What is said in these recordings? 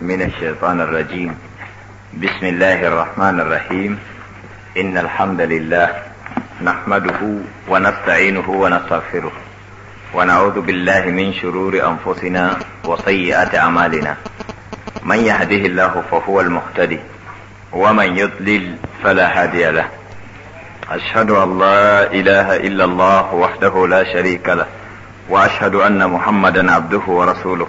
من الشيطان الرجيم بسم الله الرحمن الرحيم إن الحمد لله نحمده ونستعينه ونستغفره ونعوذ بالله من شرور أنفسنا وسيئات أعمالنا من يهده الله فهو المهتدي ومن يضلل فلا هادي له أشهد أن لا إله إلا الله وحده لا شريك له وأشهد أن محمدا عبده ورسوله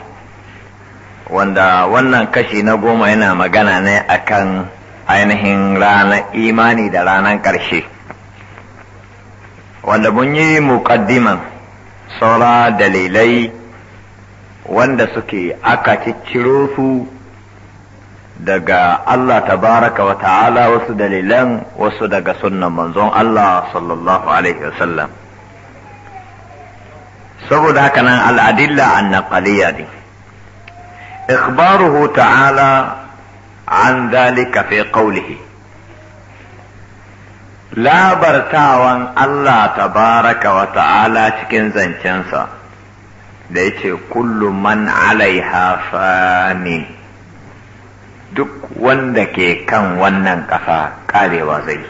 wanda wannan kashi na goma yana magana ne akan ainihin ranar imani da ranar ƙarshe wanda mun yi muƙaddiman saura dalilai wanda suke aka cicciro su daga Allah tabaraka wa ta'ala wasu dalilan wasu daga sunan manzon Allah sallallahu alaihi wasallam saboda haka nan al'adilla an ne إخباره تعالى عن ذلك في قوله لا برتاوان الله تبارك وتعالى تكن زنشنسا ليش كل من عليها فاني duk wanda ke kan wannan ƙasa ƙarewa zai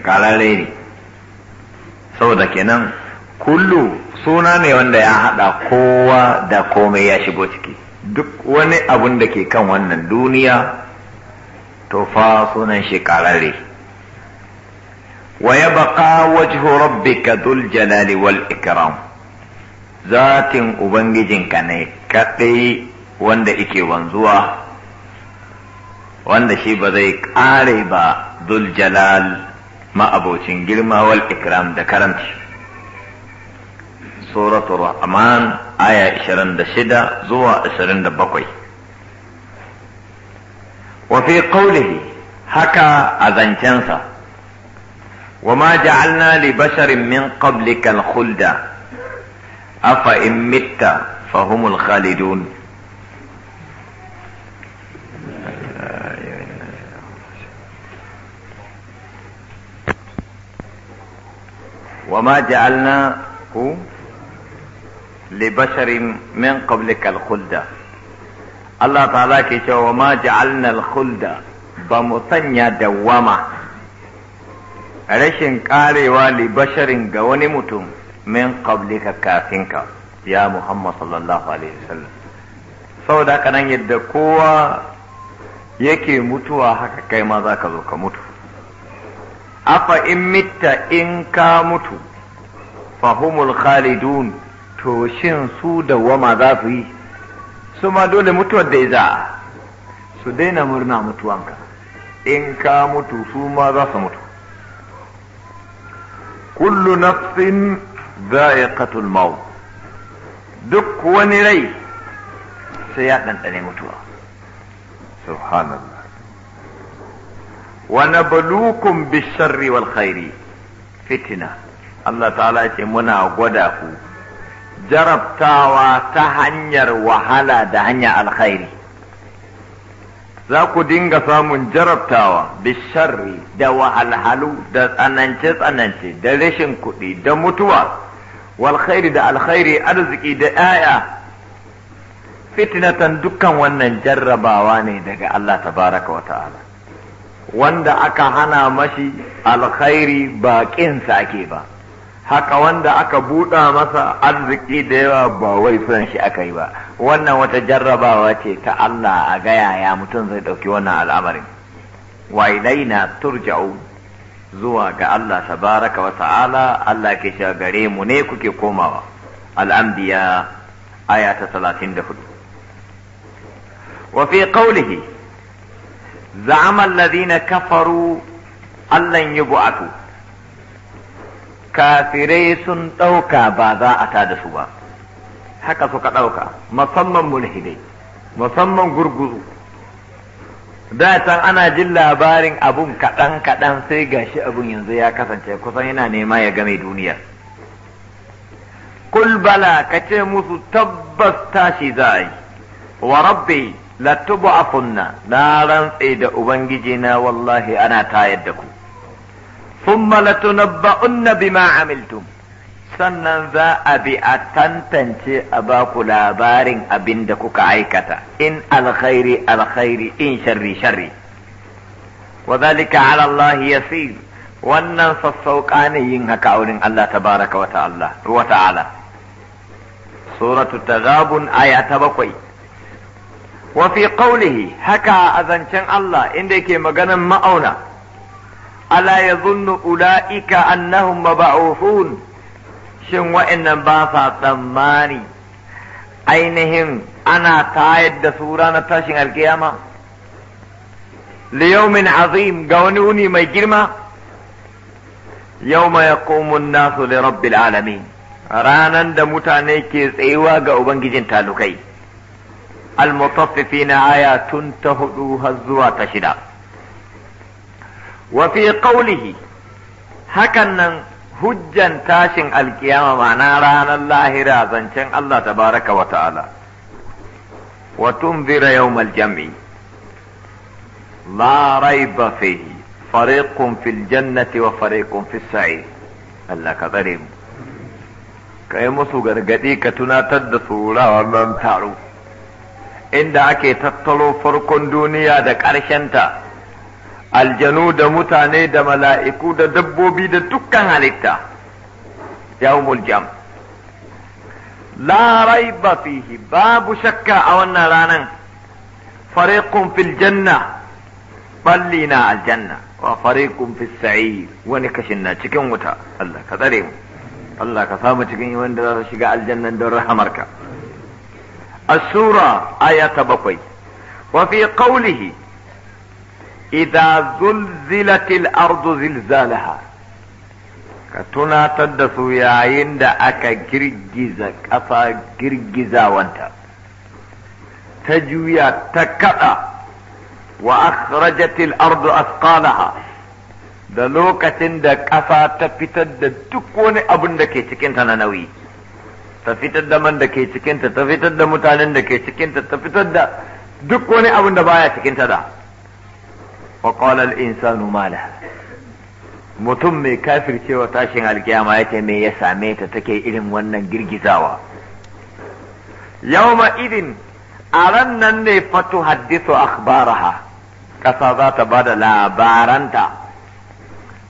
ƙarare ne saboda kenan kullu suna ne wanda ya haɗa kowa da komai ya shigo ciki duk wani abun da ke kan wannan duniya to fa sunan shi karare wa ya baka wajhu rabbika dhul jalali wal ikram zatin ubangijinka ne kadai wanda ike wanzuwa wanda shi ba zai kare ba dhul jalal ma'abocin girma wal ikram da karanta سورة الرحمن آية إشرن دا زوا إشرن دا بقوي وفي قوله حكى أذنشنسا وما جعلنا لبشر من قبلك الخلد أفإن مت فهم الخالدون وما جعلنا هو لبشر من قبلك الخلد الله تعالى كي وما جعلنا الخلد بمطنيا دوامة رشن قاروا لبشر قوني متم من قبلك كافنك يا محمد صلى الله عليه وسلم saboda haka nan yadda kowa yake mutuwa haka kai ma za ka zo ka mutu afa in mitta in ka mutu fahumul khalidun to shin su dawwama za su yi su ma dole mutuwar da za su daina murna ka. in ka mutu su ma za su mutu kullu nafsin za'iqatul maut duk wani rai sai ya ɗanɗane mutuwa subhanallah wa nabluukum bisharri wal khairi fitina Allah ta'ala ce muna gwada ku jarabtawa ta hanyar wahala da hanya alkhairi za ku dinga samun jarabtawa bisharri da wahalhalu da tsanance-tsanance da rashin kuɗi da mutuwa walkhairi da alkhairi arziki da 'ya'ya fitnatan dukkan wannan jarrabawa ne daga Allah tabaraka wa ta'ala wanda aka hana mashi alkhairi ba ƙinsa ake ba haka wanda aka buɗa masa arziki da yawa ba wai son shi aka yi ba wannan wata jarrabawa ce ta Allah a gaya ya mutum zai ɗauki wannan al'amarin wa ilaina turja'u zuwa ga Allah tabaraka wa ta'ala Allah ke shiga gare mu ne kuke komawa al'anbiya aya ta 34 wa fi qawlihi za'ama alladhina kafaru allan yub'atu kafirai sun ɗauka ba za a ta da su ba haka suka ɗauka musamman mulhidai musamman gurguzu da can ana jin labarin abun kaɗan kaɗan sai gashi abun yanzu ya kasance kusan yana nema ya game duniya kul bala ka ce musu tabbas tashi za a yi wa rabbi latubu afunna na rantse da ubangiji na wallahi ana tayar da ku thumma latunabba'unna bima amiltum sannan za a bi a tantance a ba ku labarin abin da kuka aikata in alkhairi alkhairi in sharri sharri wa zalika ala Allah yasir wannan sassauƙa ne yin haka a wurin Allah tabaraka wa ta'ala wa ta'ala suratu taghabun aya ta bakwai wa fi qawlihi haka a zancen Allah inda yake maganan ma'auna ala yadhunnu ulaika annahum mab'uthun shin wa'annan ba sa tsammani ainihin ana tayar da su ranar tashin alkiyama liyaumin azim ga wani wuni mai girma Yau yaqumu an-nasu li rabbil alamin ranan da mutane ke tsayuwa ga ubangijin talukai al-mutaffifina ayatun ta hudu har zuwa ta shida وفي قوله هكنا هجا تاشن القيامة معنا رانا الله رازا شن الله تبارك وتعالى وتنذر يوم الجمع لا ريب فيه فريق في الجنة وفريق في السعير الله كذريم kai musu gargadi ka tunatar da tsorawa man taro inda ake tattalo farkon duniya da ƙarshenta aljanu da mutane da mala'iku da dabbobi da dukkan halitta yawmul jam la raiba fihi babu shakka a wannan ranan fariqun fil janna balli na aljanna wa fariqun fis sa'ir wani kashin na cikin wuta Allah ka tsare mu Allah ka samu cikin wanda za su shiga aljanna don rahamarka asura aya ta bakwai wa fi qawlihi idza زلزلت ardu زلزالها ka tunatar da su yayin da aka girgiza ƙasa girgizawanta ta juya ta kaɗa wa akhrajatil ardu asqalaha da lokacin da ƙasa ta fitar da duk wani abin da ke cikinta na nauyi ta fitar da man da ke cikinta ta fitar da mutanen da ke cikinta ta da duk wani abin da baya cikinta da wa qala al-insanu mutum mai kafircewa tashin alkiyama yace mai ya same ta take irin wannan girgizawa yawma idin a nan ne fatu haddisu akhbaraha ƙasa za ta ba da labaranta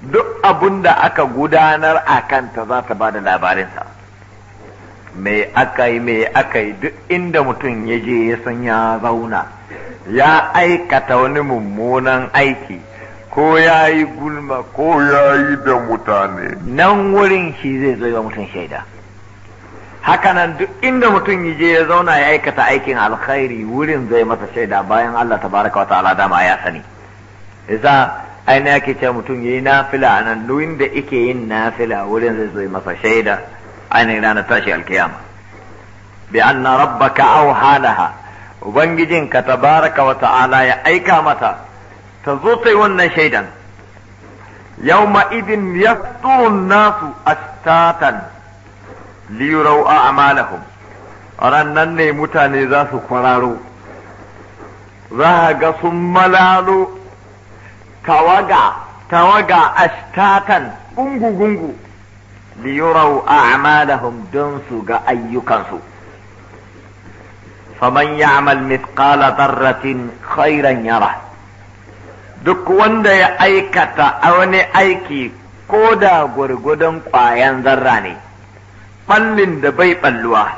duk abun da aka gudanar a kanta za ta ba da labarinsa me aka yi me aka yi duk inda mutum ya je ya san ya zauna ya aikata wani mummunan aiki ko ya yi gulma ko ya yi da mutane nan wurin shi zai zo wa mutum shaida hakanan duk inda mutum ya je ya zauna ya aikata aikin alkhairi wurin zai masa shaida bayan Allah tabaraka wa ta'ala dama ya sani isa aina yake ce mutum yayi nafila anan duk da yake yin nafila wurin zai zo masa shaida ainihin ranar tashi alkiyama bi anna rabbaka awhalaha ubangijin ka tabaraka wa ta'ala ya aika mata ta zo ta yi wannan shaidan Yau ma idin yasturun nasu tatan liyurau a amalahum rannan ne mutane za su kwararo za a ga sun malalo tawaga tawaga astatan gungu-gungu liyurau a amalahum don su ga ayyukansu faman ya'mal mithqala dharratin khairan yara duk wanda ya aikata a wani aiki ko da gwargwadon ƙwayan zarra ne ɓallin da bai ɓalluwa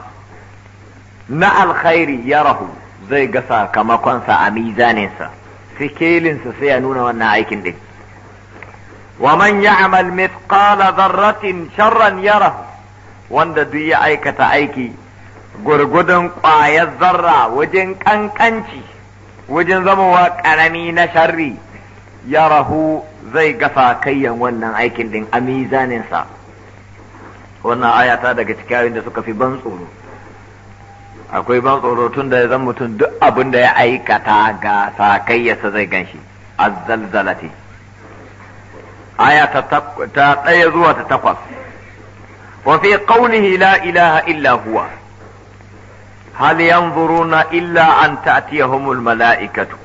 na alkhairi ya rahu zai ga sakamakonsa a mizaninsa sikelinsa sai ya nuna wannan aikin din wa man ya'mal mithqala dharratin sharran yara. wanda duk ya aikata aiki gurgudun ƙwayar zarra wajen ƙanƙanci wajen zamowa ƙarami na sharri ya rahu zai gasa kayyan wannan aikin din a mizaninsa wannan ayata daga cikin da suka fi ban tsoro akwai ban tsoro tun da ya zan mutum duk abin da ya aikata ga sakayyarsa zai ganshi azzalzalati aya ta ɗaya zuwa ta takwas wa fi la ilaha illa huwa hal yanzuruna illa an ta'tiyahumul mala'ikatu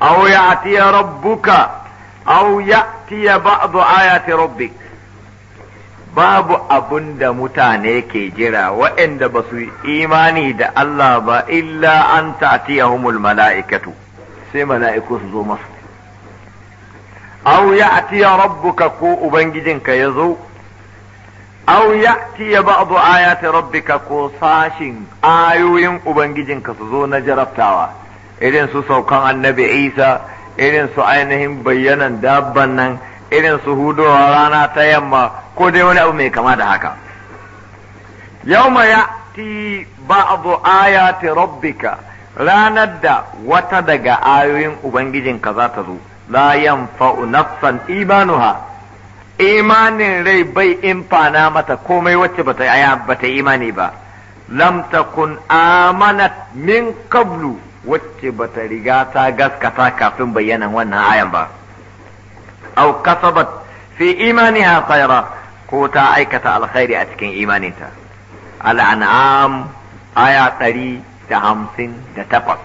aw ya'tiya rabbuka aw ya'tiya ba'du ayati rabbik babu abun da mutane ke jira waɗanda ba su imani da Allah ba illa an ta'tiyahumul mala'ikatu sai mala'iku su zo masu aw ya'tiya rabbuka ko ubangijinka ya zo aw ya'ti ba'du ayati rabbika ko sashin ayoyin ubangijinka su zo na jarabtawa irin su saukan annabi Isa irin su ainihin bayyanan dabban nan irin su hudowa rana ta yamma ko dai wani abu mai kama da haka yawma ya'ti ba'du ayati rabbika ranar da wata daga ayoyin ubangijinka za ta zo la yanfa'u nafsan imanuha imanin rai bai imfana mata komai wacce bata aya bata imani ba lam takun amanat min kablu wacce bata riga ta gaskata kafin bayyana wannan ayan ba aw kasabat fi imaniha khaira ko ta aikata alkhairi a cikin imaninta al'an'am aya ɗari da hamsin da takwas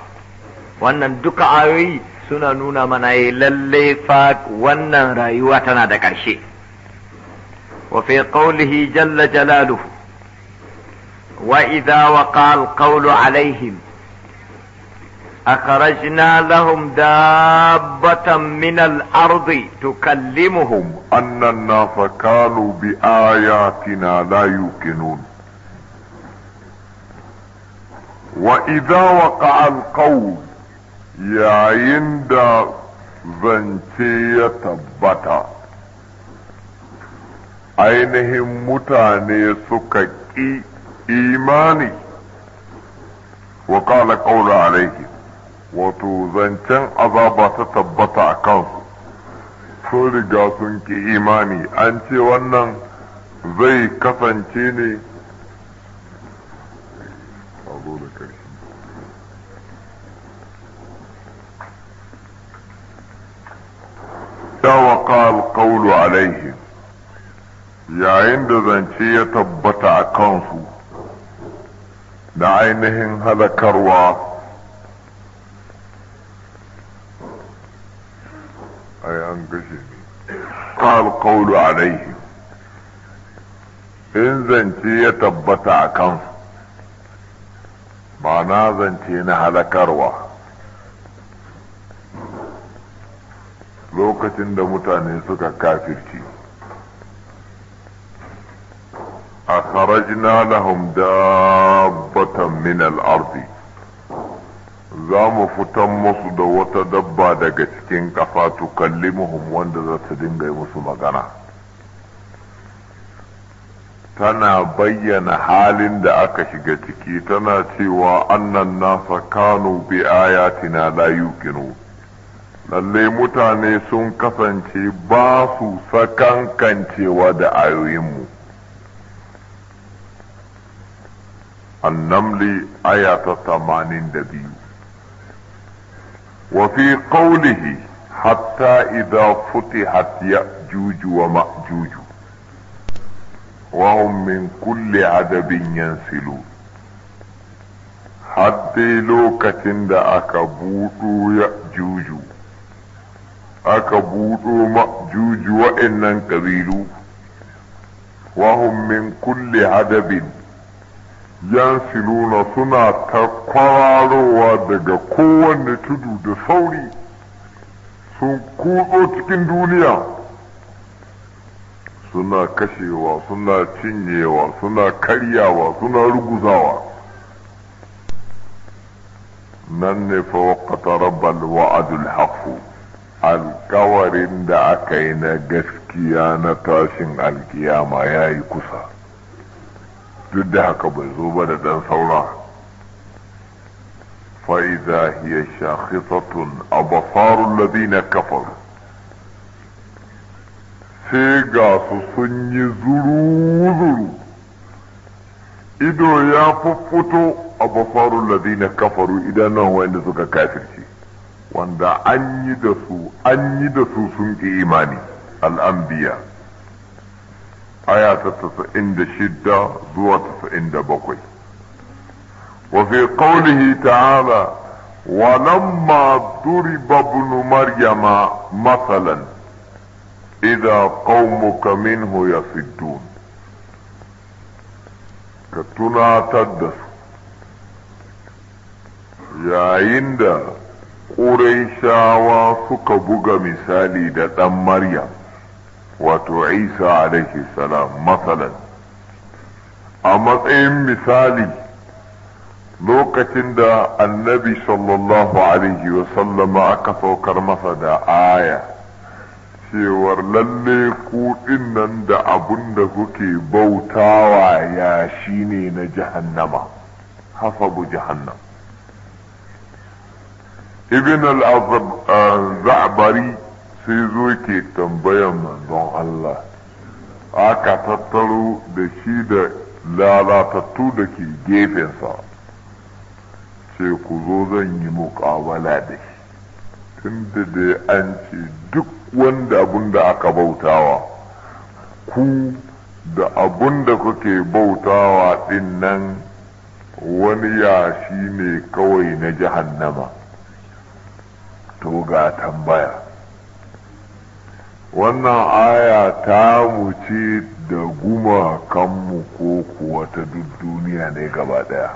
wannan duka ayoyi suna nuna mana eh, lallai fa wannan rayuwa tana da ƙarshe وفي قوله جل جلاله واذا وقع القول عليهم اخرجنا لهم دابه من الارض تكلمهم ان الناس كانوا باياتنا لا يوقنون واذا وقع القول يا عند زنتي يتبتا ainihin mutane suka ƙi imani wa kala ƙaula alaihi wato zancen azaba ta tabbata a kansu sun riga sun ƙi imani an ce wannan zai kasance ne da wa kala alaihi yayin da zance ya tabbata a kansu da ainihin halakarwa ai an gashe ne alaihi in zance ya tabbata a kansu ba na zance na halakarwa lokacin da mutane suka kafirci akhrajna lahum dabbatan min al za mu fitan musu da wata dabba daga cikin ƙasa tukallimuhum wanda za ta dinga musu magana tana bayyana halin da aka shiga ciki tana cewa annan nasa kanu bi ayatina la yuqinu lalle mutane sun kasance ba su sakankancewa da ayoyinmu النمل آية دبي وفي قوله حتى إذا فتحت يأجوج ومأجوج وهم من كل عدب ينسلون حتى لو كتند أكبوتو يأجوج أكبوتو مأجوج وإنن قبيلو وهم من كل عدب Yan yansiluna suna ta kwararowa daga kowanne tudu da sauri sun kutso cikin duniya suna kashewa suna cinyewa suna karyawa suna ruguzawa nan ne fa waqata rabbal wa'adul haqq alkawarin da aka yi na gaskiya na tashin alkiyama ya yi kusa duk da haka bai zo ba da dan saura fa'iza hiya shakhisatun abasarun ladina kafar sai ga su sun yi zuru-zuru ido ya fuffuto abasarun ladina kafaru idan nan wanda suka kafirci wanda an yi da su an yi da su sun ƙi imani al'ambiya آية تتسئن دا شدة دوة تتسئن دا بقوي وفي قوله تعالى ولما ضرب ابن مريم مثلا إذا قومك منه يصدون كتنا تدس يا عند قريشا وسكبوغا مثالي دا مريم وتعيسى عليه السلام مثلا اما ايه مثالي لوكة دا النبي صلى الله عليه وسلم اكفو كرمسا دا آية سيور للي قول ان دا ابن دا كوكي بوتاوا يا شينين جهنم حفظ جهنم ابن الزعبري آه، sai zo ke tambayan manzon Allah aka tattaro da shi da lalatattu da ke gefensa ce ku zo zan yi muƙawala da shi tunda da an ce duk wanda abun da aka bautawa ku da abun da kuke bautawa din nan wani yashi ne kawai na jahannama to ga tambaya wannan aya ta muce da guma gumakanmu ko kuwa ta duk duniya ne gaba daya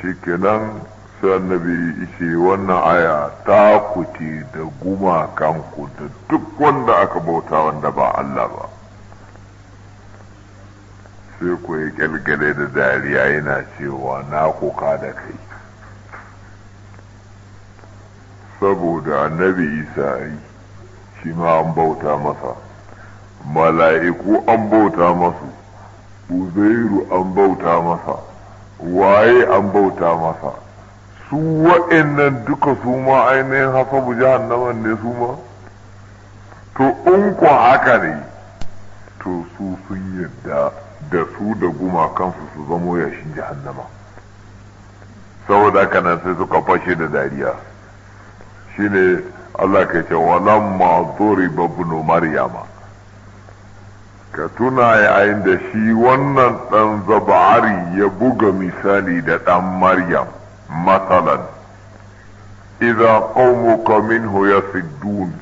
shikenan sai biyu ishe wannan aya ta kuce da guma gumakanku da duk wanda aka bauta wanda ba Allah ba sai ku yi da dariya yana cewa na kuka da kai saboda annabi isa yi shi ma an bauta masa mala'iku an bauta masu uzairu an bauta masa waye an bauta masa su wa'annan duka su ma ainihin hasabu jahannaman ne su ma to in ku haka ne to su sun yadda da su da kansu su zamo yashin jahannama saboda haka nan sai suka fashe da dariya shine Allah ka ce walan ma duriba maryama ka tuna yayin da shi wannan dan zabari ya buga misali da dan maryam masalan idza qaumuka minhu yasiddun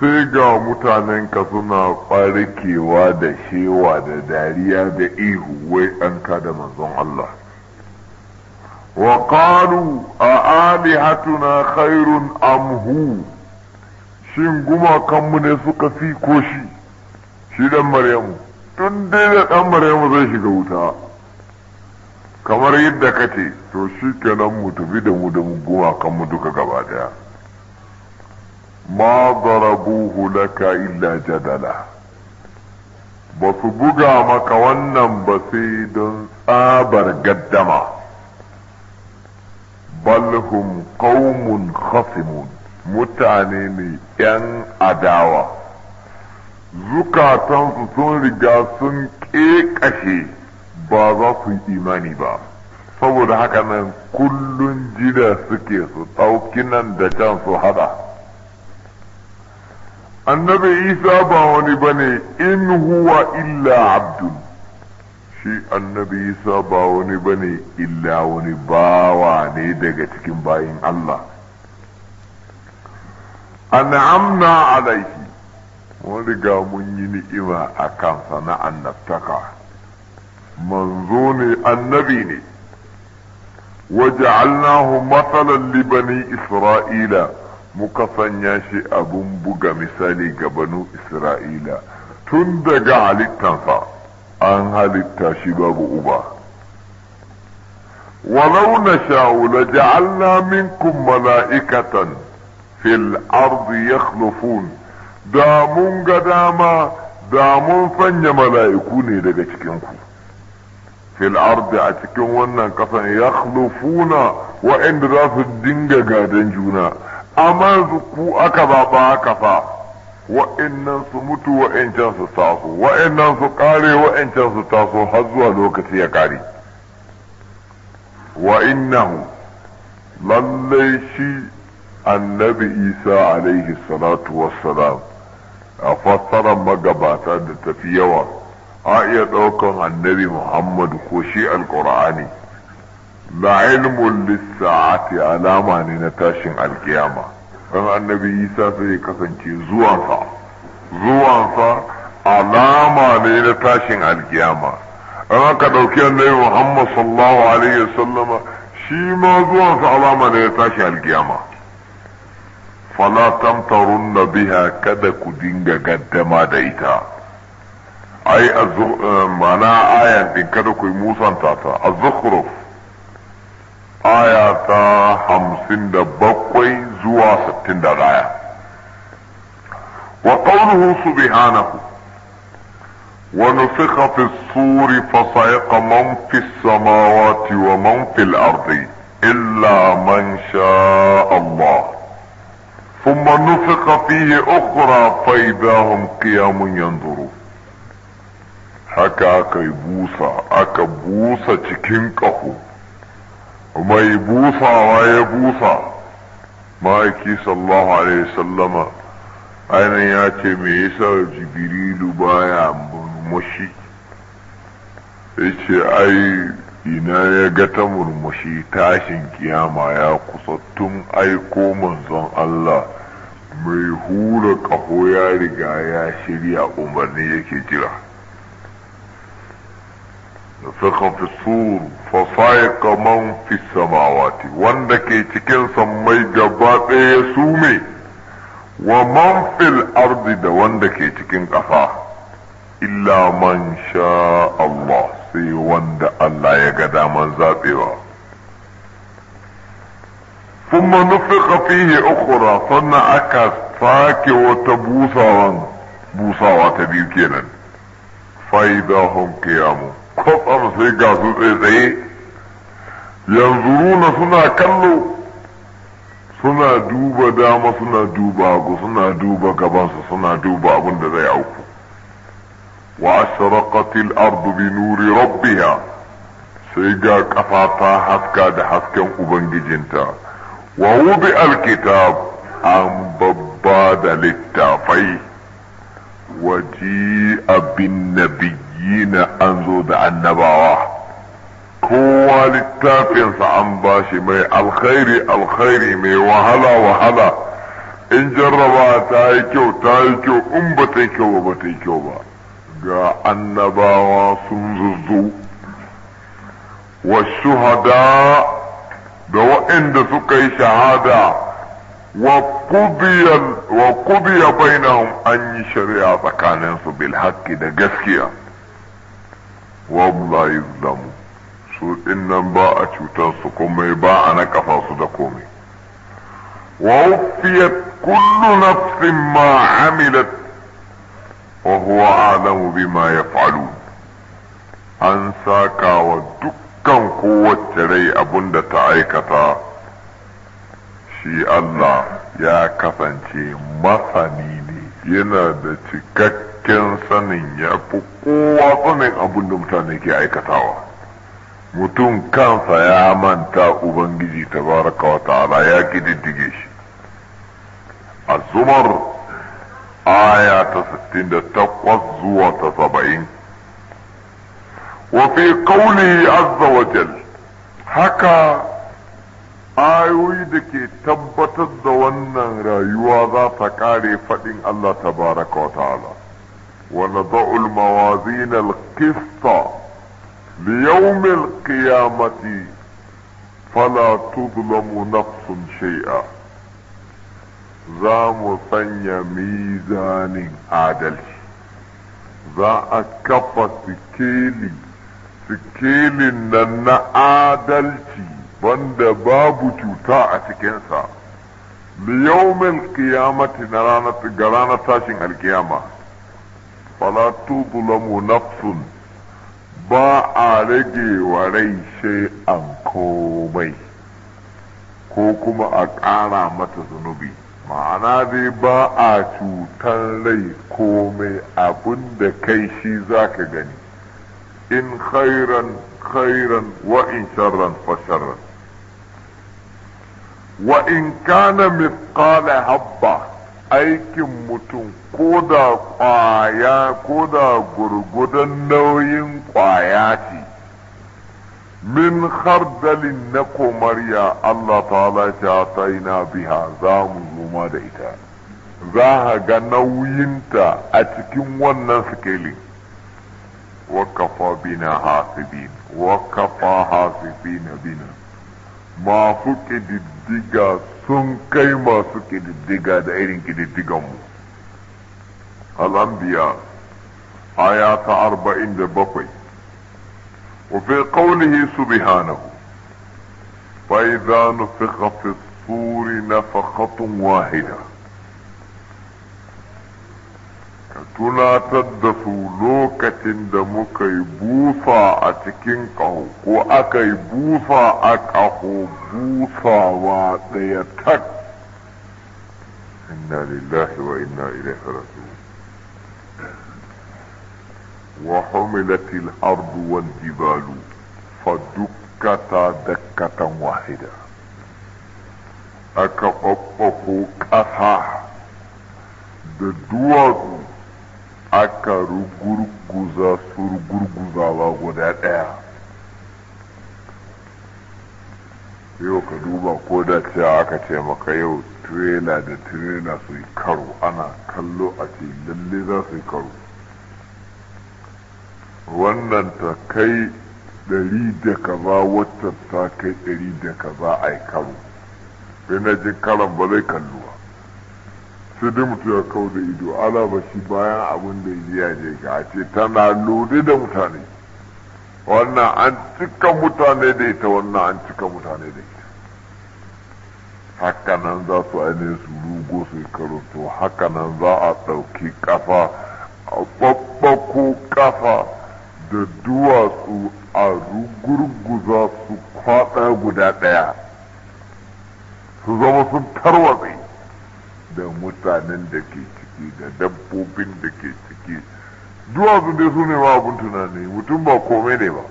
sai ga mutanenka suna ɓarkewa da shewa da dariya da ihu wai an da manzon Allah وقالوا أآلهتنا خير amhu هو shin gumakanmu ne suka fi ko shi shi dan maryamu tun dai da dan maryamu zai shiga wuta kamar yadda kace to shi kenan mu tafi da mu da gumakanmu duka gaba daya ma darabuhu laka illa jadala ba su buga maka wannan ba sai don tsabar gaddama bal hum qaumun khasimun mutane ne yan adawa zukatansu sun riga sun ƙeƙashe ba za su yi imani ba saboda haka nan kullun jira suke su ɗauki nan da can su haɗa annabi isa ba wani bane in huwa illa abdun shi annabi isa ba wani bane illa wani bawa ne daga cikin bayin Allah an'amna alaihi mun riga mun yi ni'ima a kansa na annabtaka manzo ne annabi ne waja'alnahu matsalan li isra'ila muka sanya shi abun buga misali ga banu isra'ila tun daga halittansa an halitta shi babu uba walau na sha'u la ja'alna minkum mala'ikatan fil ardi yakhlufun da mun ga dama da mun fanya mala'iku ne daga cikin ku fil ardi a cikin wannan kasan yakhlufuna wa'inda za su dinga gadan juna amma ku aka ba ba haka fa wa'annan su mutu wa'ancan su taso wa'annan su kare wa'ancan su taso har zuwa lokaci ya kare wa'innahu lallai shi annabi isa alaihi salatu wassalam a fassara magabata da tafi yawa a iya ɗaukan annabi muhammadu ko shi alƙur'ani la ilmun lissa'ati alama ne na tashin alkiyama ran annabi isa sai ya kasance zuwansa zuwansa alama ne na tashin alkiyama ran aka ɗauki annabi muhammad sallallahu alaihi wasallama shi ma zuwansa alama ne na tashin alkiyama fala tamtarunna biha kada ku dinga gaddama da ita ai mana ayan din kada ku yi musanta ta az-zukhruf aya ta hamsin da bakwai zuwa sittin da daya wa qawluhu subhanahu wa nufikha fi suri fa sayaqa man fi samawati wa man fi al-ardi illa man sha'a Allah ثم نفق فيه أخرى فإذا هم قيام ينظرون haka aka yi busa aka busa cikin ƙaho mai busawa ya busa maki sallallahu alaihi sallama ainihin ya ce me yasa jibrilu baya murmushi ya ce ai ina ya ga ta murmushi tashin kiyama ya kusa tun aiko manzon Allah mai hura ƙaho ya riga ya shirya umarni yake jira. نفخ في الصور فصائق من في السماوات وندك تكن سمي جبات يسومي ومن في الأرض ده وندك قفا إلا من شاء الله سي الله يقدا من ذاته ثم نفق فيه أخرى صنع أكاستاك وتبوسا بوسا وتبيكينا فإذا هم قيامون قط ارسي قاسد ايدي ينظرون سنا كلو سنا دوبا داما سنا دوبا اقو سنا دوبا قباس سنا دوبا ابن دا يعوكو واشرقت الارض بنور ربها سيقا قفاتا حفكا دا حفكا قبنج جنتا ووضع الكتاب ام بباد للتافي وجيء بالنبي nabiyina an zo da annabawa kowa littafinsa an bashi mai alkhairi alkhairi mai wahala wahala in jarraba ta yi kyau ta yi kyau in ba ta yi kyau ba ta yi kyau ba ga annabawa sun zuzzu wa shuhada da waɗanda suka yi shahada wa kubiya bainahum an yi shari'a tsakaninsu bil haqqi da gaskiya wahum la yuzlamu su in nan ba a cutar su kuma ba a nakafa su da komai wa wufiyat kullu nafsin ma amilat wa huwa a'lamu ya yaf'alun an saka wa dukkan kowace rai abun da ta aikata shi Allah ya kasance masani yana da cikakken sanin ya fi kowa sanin abin da mutane ke aikatawa mutum kansa ya manta ubangiji baraka wa ta'ala ya kididdige shi A zumar aya ta 68 zuwa ta 70 wa fi azza haka ayoyi da ke tabbatar da wannan rayuwa za ta kare faɗin Allah ta baraka wa ta'ala wa nada'ul mawazin al-qista li yawm al-qiyamati fala tudlamu nafsun shay'a za mu sanya mizanin adalci za a kafa sikeli sikelin nan na adalci wanda babu cuta a cikinsa liyaumin kiyamati na ranar ga ranar tashin alkiyama fala tuzlamu nafsun ba a rage wa rai an komai ko kuma a ƙara mata zunubi ma'ana dai ba a cutan rai komai abin da kai shi za ka gani in khairan khairan wa in sharran fa wa in kana mithqala habba aikin mutum ko da ƙwaya ko da gurgudan nauyin ƙwaya ce min hardalin na komariya Allah ta'ala ta taina biha za mu zuma da ita za a ga nauyinta a cikin wannan sikeli wakafa bina hasibin wakafa hasibin bina masu ƙididdin. kididdiga sun kai masu kididdiga da irin kididdiganmu al'ambiya aya ta arba'in da bakwai وفي قوله سبحانه فإذا نفخ في الصور نفخة واحدة tunatar da su lokacin da muka yi busa a cikin ƙaho ko aka yi busa a ƙaho busawa ɗaya tak inna lillahi wa inna ilaihi raji'un wa humilatil ardu wal jibalu fadukkata dakkatan wahida aka ƙwaƙwafo ƙasa da duwatsu aka rugurguza su rugurguzawa guda ɗaya yau ka duba ko da ce aka ce maka yau tirela da tirela su yi karo ana kallo a ce lalle za su yi karo wannan ta kai ɗari da ba wata ta kai ɗari da kaza a yi karo sai na jin karon ba zai kalluwa sai dai mutu ya kawo da ido ala ba shi bayan abin da ya ya je ka a ce tana lode da mutane wannan an cika mutane da ita wannan an cika mutane da ita hakanan za su ainihin su rugo su karanto haka za a ɗauki kafa a babbako kafa da duwatsu a rugurguza su kwaɗa guda ɗaya su zama sun tarwatsi da mutanen da ke ciki da dabbobin da ke ciki duwatsu dai su ne ma abin tunani mutum ba kome ne ba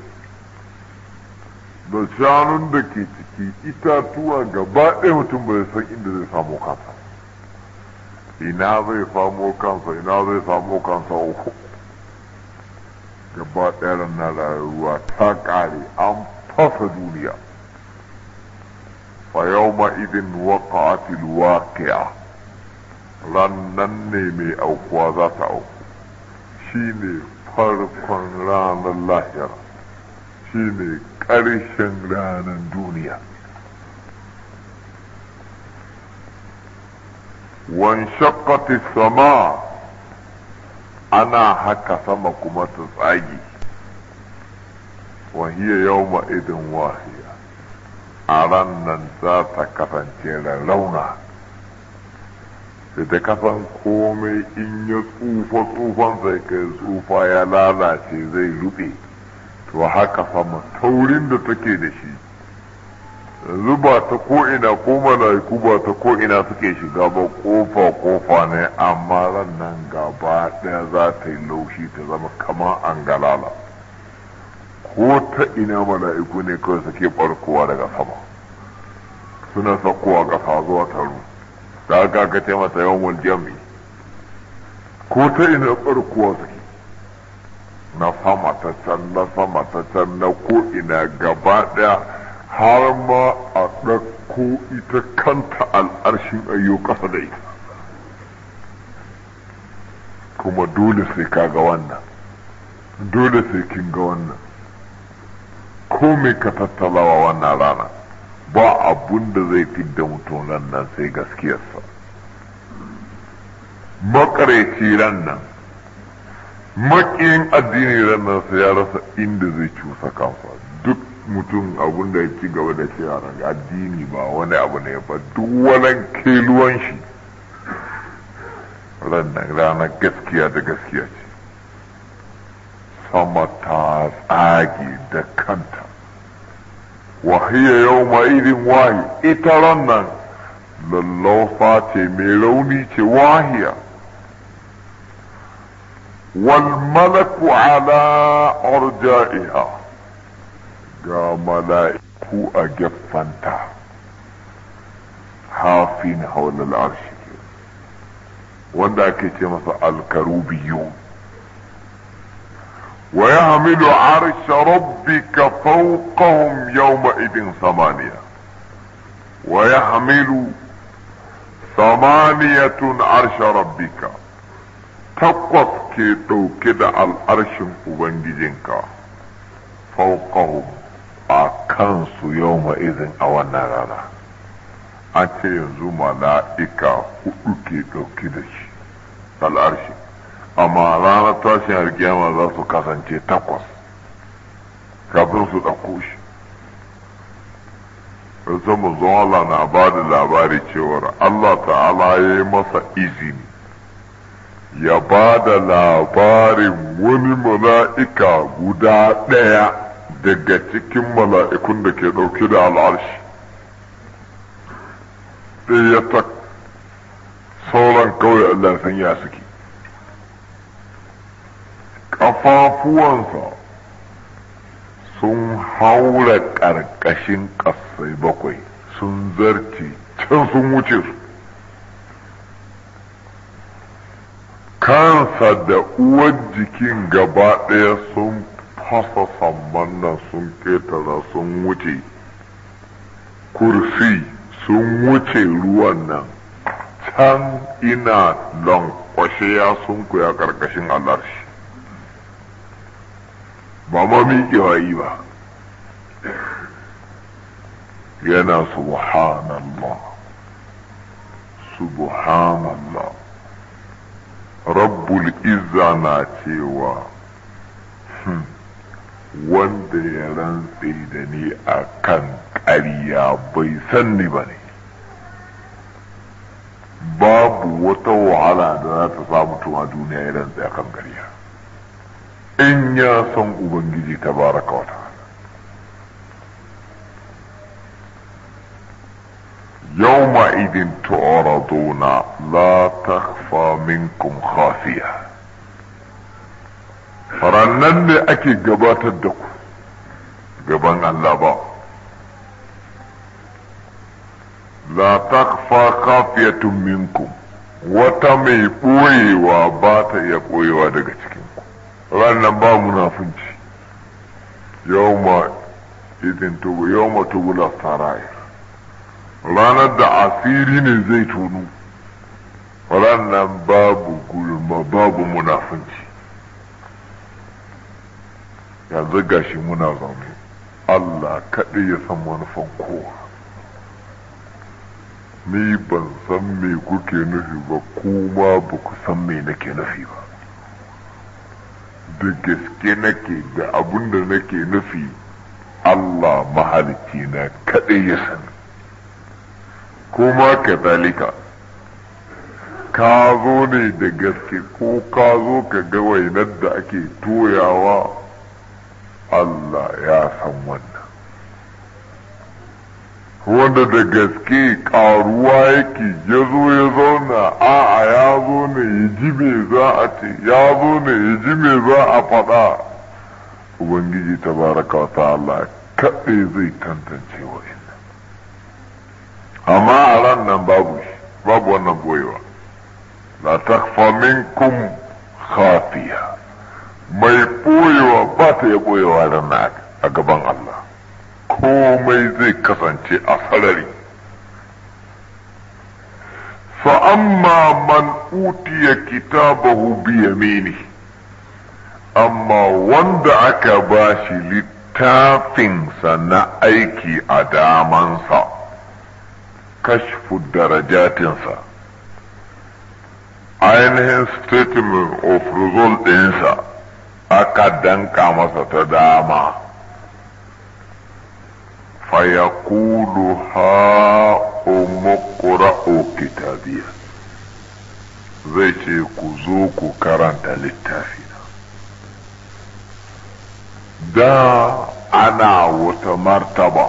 da shanun da ke ciki itatuwa gaba ɗaya mutum bai san inda zai samu kansa ina zai samu kansa ina zai samu kansa uku gaba ɗaya na rayuwa ta ƙare an fasa duniya fa yau ma idin waƙa'atil waƙi'a rannan ne mai aukuwa za ta auku shi ne farkon ranar lahira shi ne ƙarshen ranar duniya wanshakati sama ana haka sama kuma ta tsage wahiyar yau ma'idin wahiya a ran nan za ta kasance rarrauna da ta kasan komai in ya tsufa tsufan sai kai tsufa ya lalace zai rube to haka sama taurin da take da shi yanzu ba ta ko'ina ko mala'iku ba ta ko'ina suke shiga ba kofa kofa ne amma ran nan gaba ɗaya za ta yi laushi ta zama kama an galala ko ta ina mala'iku ne kawai suke barkowa daga sama suna sakowa gasa zuwa taro da haka aka ce masa wani jami ko ta ina tsarkuwa suke na fama ta can na fama ta can na ko ina gaba daya har ma a ɗauko ita kanta al'arshin ayyo ƙasa da ita kuma dole sai ka ga wannan dole sai kin ga wannan ko ka tattalawa wannan rana ba abun da zai fidda mutum nan sai gaskiyarsa makareci ran nan makin addini ran nan sai ya rasa inda zai cusa kansa duk mutum abun da ya ci gaba da cewa daga addini ba wani abu ne ba duk wani keluwan shi ranar gaskiya da gaskiya ce sama ta tsage da kanta وهي يوم عيد واهي اترنن للو فاتي ميروني تواهي والملك على أرجائها قام لائك أجفنت حافين حول العرش وانا كتمس الكروبيون ويحمل عرش ربك فوقهم يومئذ ثمانية ويحمل ثمانية عرش ربك تقف كيتو كده العرش وبنجينك فوقهم أكنس يومئذ أو النغرة أتي ينزو ملائكة وكيتو كده العرش amma ranar tashin alkiyama za su kasance takwas kafin su ɗauko shi mu manzon Allah na ba da labari cewar Allah ta'ala ya yi masa izini ya ba da labarin wani mala'ika guda ɗaya daga cikin mala'ikun da ke ɗauke da al'arshi ɗaya ta sauran kawai Allah sun ya suke ƙafafuwansa sun haura ƙarƙashin ƙasai bakwai sun zarce can sun wuce su kansa da uwar jikin gaba ɗaya sun fasa samman nan sun ƙetara sun wuce kursi sun wuce ruwan nan can ina lankwashe ya sun kuya ƙarƙashin alarshi ba ma miƙewa yi ba yana subhanallah subhanallah rabbul izza na cewa hmm, wanda ya rantse da ni a kan ƙarya bai san ni ba ne babu wata wahala da za ta samu tuwa duniya ya rantse a kan ƙarya in ya san ubangiji baraka wata. yau ma idin ta la takhfa minkum khafiya farannan ne ake gabatar da ku gaban Allah ba la takhfa khafiyatun minkum wata mai ɓoyewa ba ta iya ɓoyewa daga cikin ranar ba munafunci yawma idin tubu yawma da ranar da asiri ne zai tunu ranar babu gulma babu munafunci yanzu gashi muna zaune Allah kaɗai ya san manufan kowa ni ban san me kuke nufi ba kuma ba ku san me nake nufi ba da gaske nake da abun da nake nufi Allah mahalicci na kaɗai ya sani kuma dalika ka zo ne da gaske ko ka zo ka ga wainar da ake toyawa Allah ya san wani wanda da gaske karuwa yake ya zo ya zauna a ya zo ne ya ji me za a ce ya zo ne ya ji me za a faɗa ubangiji ta baraka wa Allah kaɗe zai tantance wa ina amma a ran nan babu shi babu wannan boyewa la takfa minkum khafiya mai boyewa ba ta ya boyewa ran a gaban Allah komai zai kasance a sarari fa'amma man utiya kitabahu biyamini amma wanda aka ba shi littafinsa na aiki a damansa kashfu darajatinsa ainihin statement of result ɗinsa aka danka masa ta dama فيقول ها أمقرأ كتابيا zai ce ku zo ku karanta littafina da ana wata martaba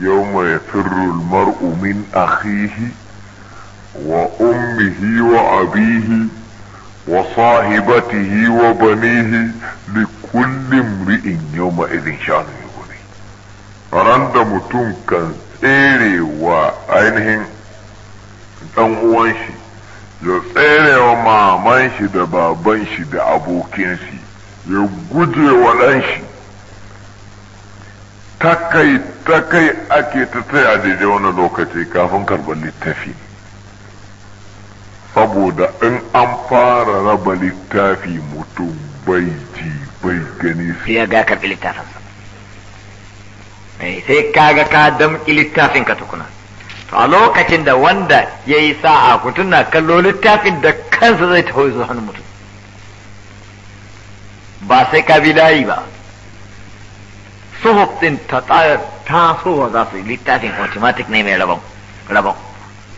yau mai firrul mar'u min akhihi wa ummihi wa abihi wa sahibatihi wa banihi li kulli imri'in yawma idin shanu ran da mutum kan tserewa ainihin ɗan uwan shi ya tserewa maman shi da baban shi da abokin shi ya guje wa ɗan shi takai takai ake ta a daidai wani lokaci kafin karɓar littafi saboda in an fara raba littafi mutum bai ji bai gani su. ya ga karɓi littafin sai kaga ka damƙi littafin ka tukuna to a lokacin da wanda ya yi sa'a mutum kallo littafin da kansa zai taho zuwa hannun mutum ba sai ka bi layi ba suhuf ta ta tasowa za su littafin automatic ne mai rabon rabon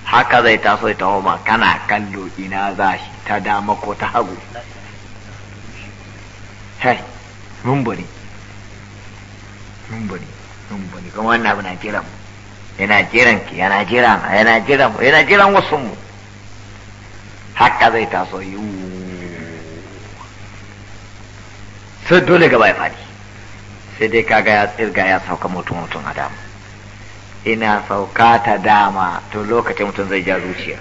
haka zai taso ya taho ma kana kallo ina za shi ta dama ko ta hagu hey mumbari mumbari mu bane kuma wannan abu na jiran mu yana jiran ki yana jiran yana jiran mu yana jiran wasu mu haka zai taso yi sai dole gaba ya faɗi sai dai kaga ya tsirga ya sauka mutum mutum a dama ina sauka ta dama to lokacin mutum zai ja zuciya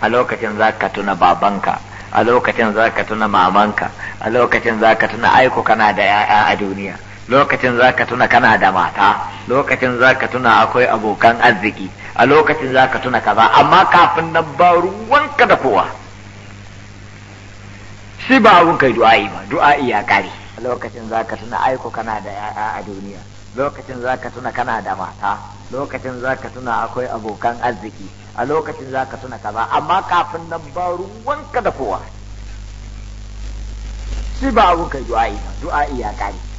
a lokacin za ka tuna babanka a lokacin za ka tuna mamanka a lokacin za ka tuna aiko kana da 'ya'ya a duniya lokacin za ka tuna kana da mata lokacin za ka tuna akwai abokan arziki a lokacin za ka tuna kaza amma kafin nan ba ruwanka da kowa shi ba abun kai du'a'i ba du'a'i ya kare lokacin za ka tuna aiko kana da yaya a duniya lokacin za ka tuna kana da mata lokacin za ka tuna akwai abokan arziki a lokacin ka tuna kaza amma kafin nan ba ruwanka da kowa shi ba abun kai du'a'i ba du'a'i ya kare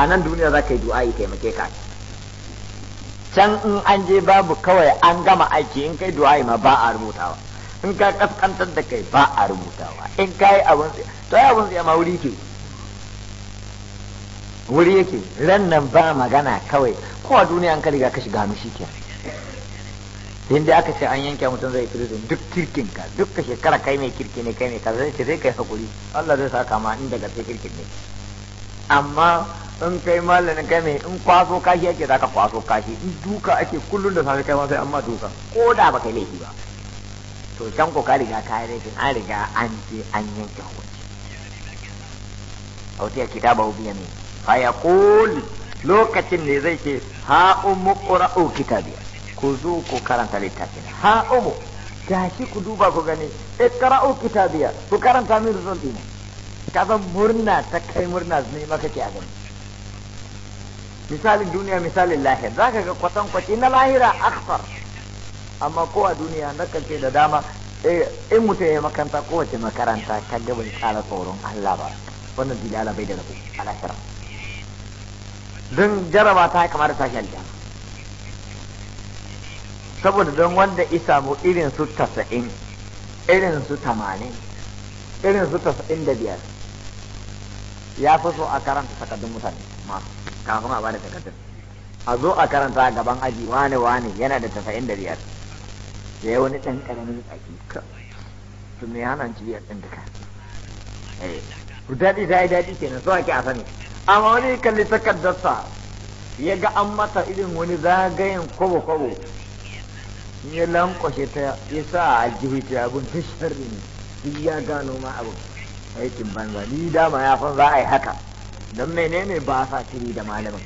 a nan duniya za ka yi du'a yi taimake ka can in an je babu kawai an gama aiki in kai du'a ma ba a rubutawa in ka kaskantar da kai ba a rubutawa in ka yi abin to ya abin ma wuri ke wuri yake ran nan ba magana kawai ko a duniya an ka riga ka shiga mishi ke da aka ce an yanke mutum zai fito duk kirkin ka duk ka shekara kai mai kirki ne kai mai ce sai kai hakuri Allah zai saka ma inda ga kirkin ne amma in kai malamin kai mai in kwaso kashi ake zaka kwaso kashi in duka ake kullum da safe kai ma sai amma duka ko da ba kai laifi ba to can ko ka riga ka laifin an riga an je an yanke hukunci autiya kitabahu biya ne fa yaqul lokacin ne zai ce ha ummu qura'u kitabiya ku zo ku karanta littafin ha umu gashi ku duba ku gani iqra'u kitabiya ku karanta min rizal dina ka murna ta kai murna ne maka ke a gani misalin duniya misalin lahir za ka ga kwaci na lahira akfar amma ko a duniya na ce da dama eh, in mutum ya makanta kowace makaranta ka ga bai kara tsoron Allah ba wannan dilala bai da rabu a lahira don jaraba ta kamar ta shalja saboda don wanda isa mu irin su tasa'in irin su tamanin irin su tasa'in da biyar ya fi so a karanta sakadin mutane masu kafin a bada takardar a zo a karanta a gaban aji wane wane yana da tafa'in da biyar da ya wani ɗan ƙaramin tsaki ka to me hana ci biyar ɗin duka ku eh, daɗi ta yi daɗi kenan so ake a sani amma wani kalli takardarsa ya ga an mata irin wani zagayen kwabo-kwabo ya lankwashe ta ya sa a ta abin ta sharri ne duk ya gano ma abu aikin banza ni dama ya fan za a yi haka don menene ba sa shiri da malamin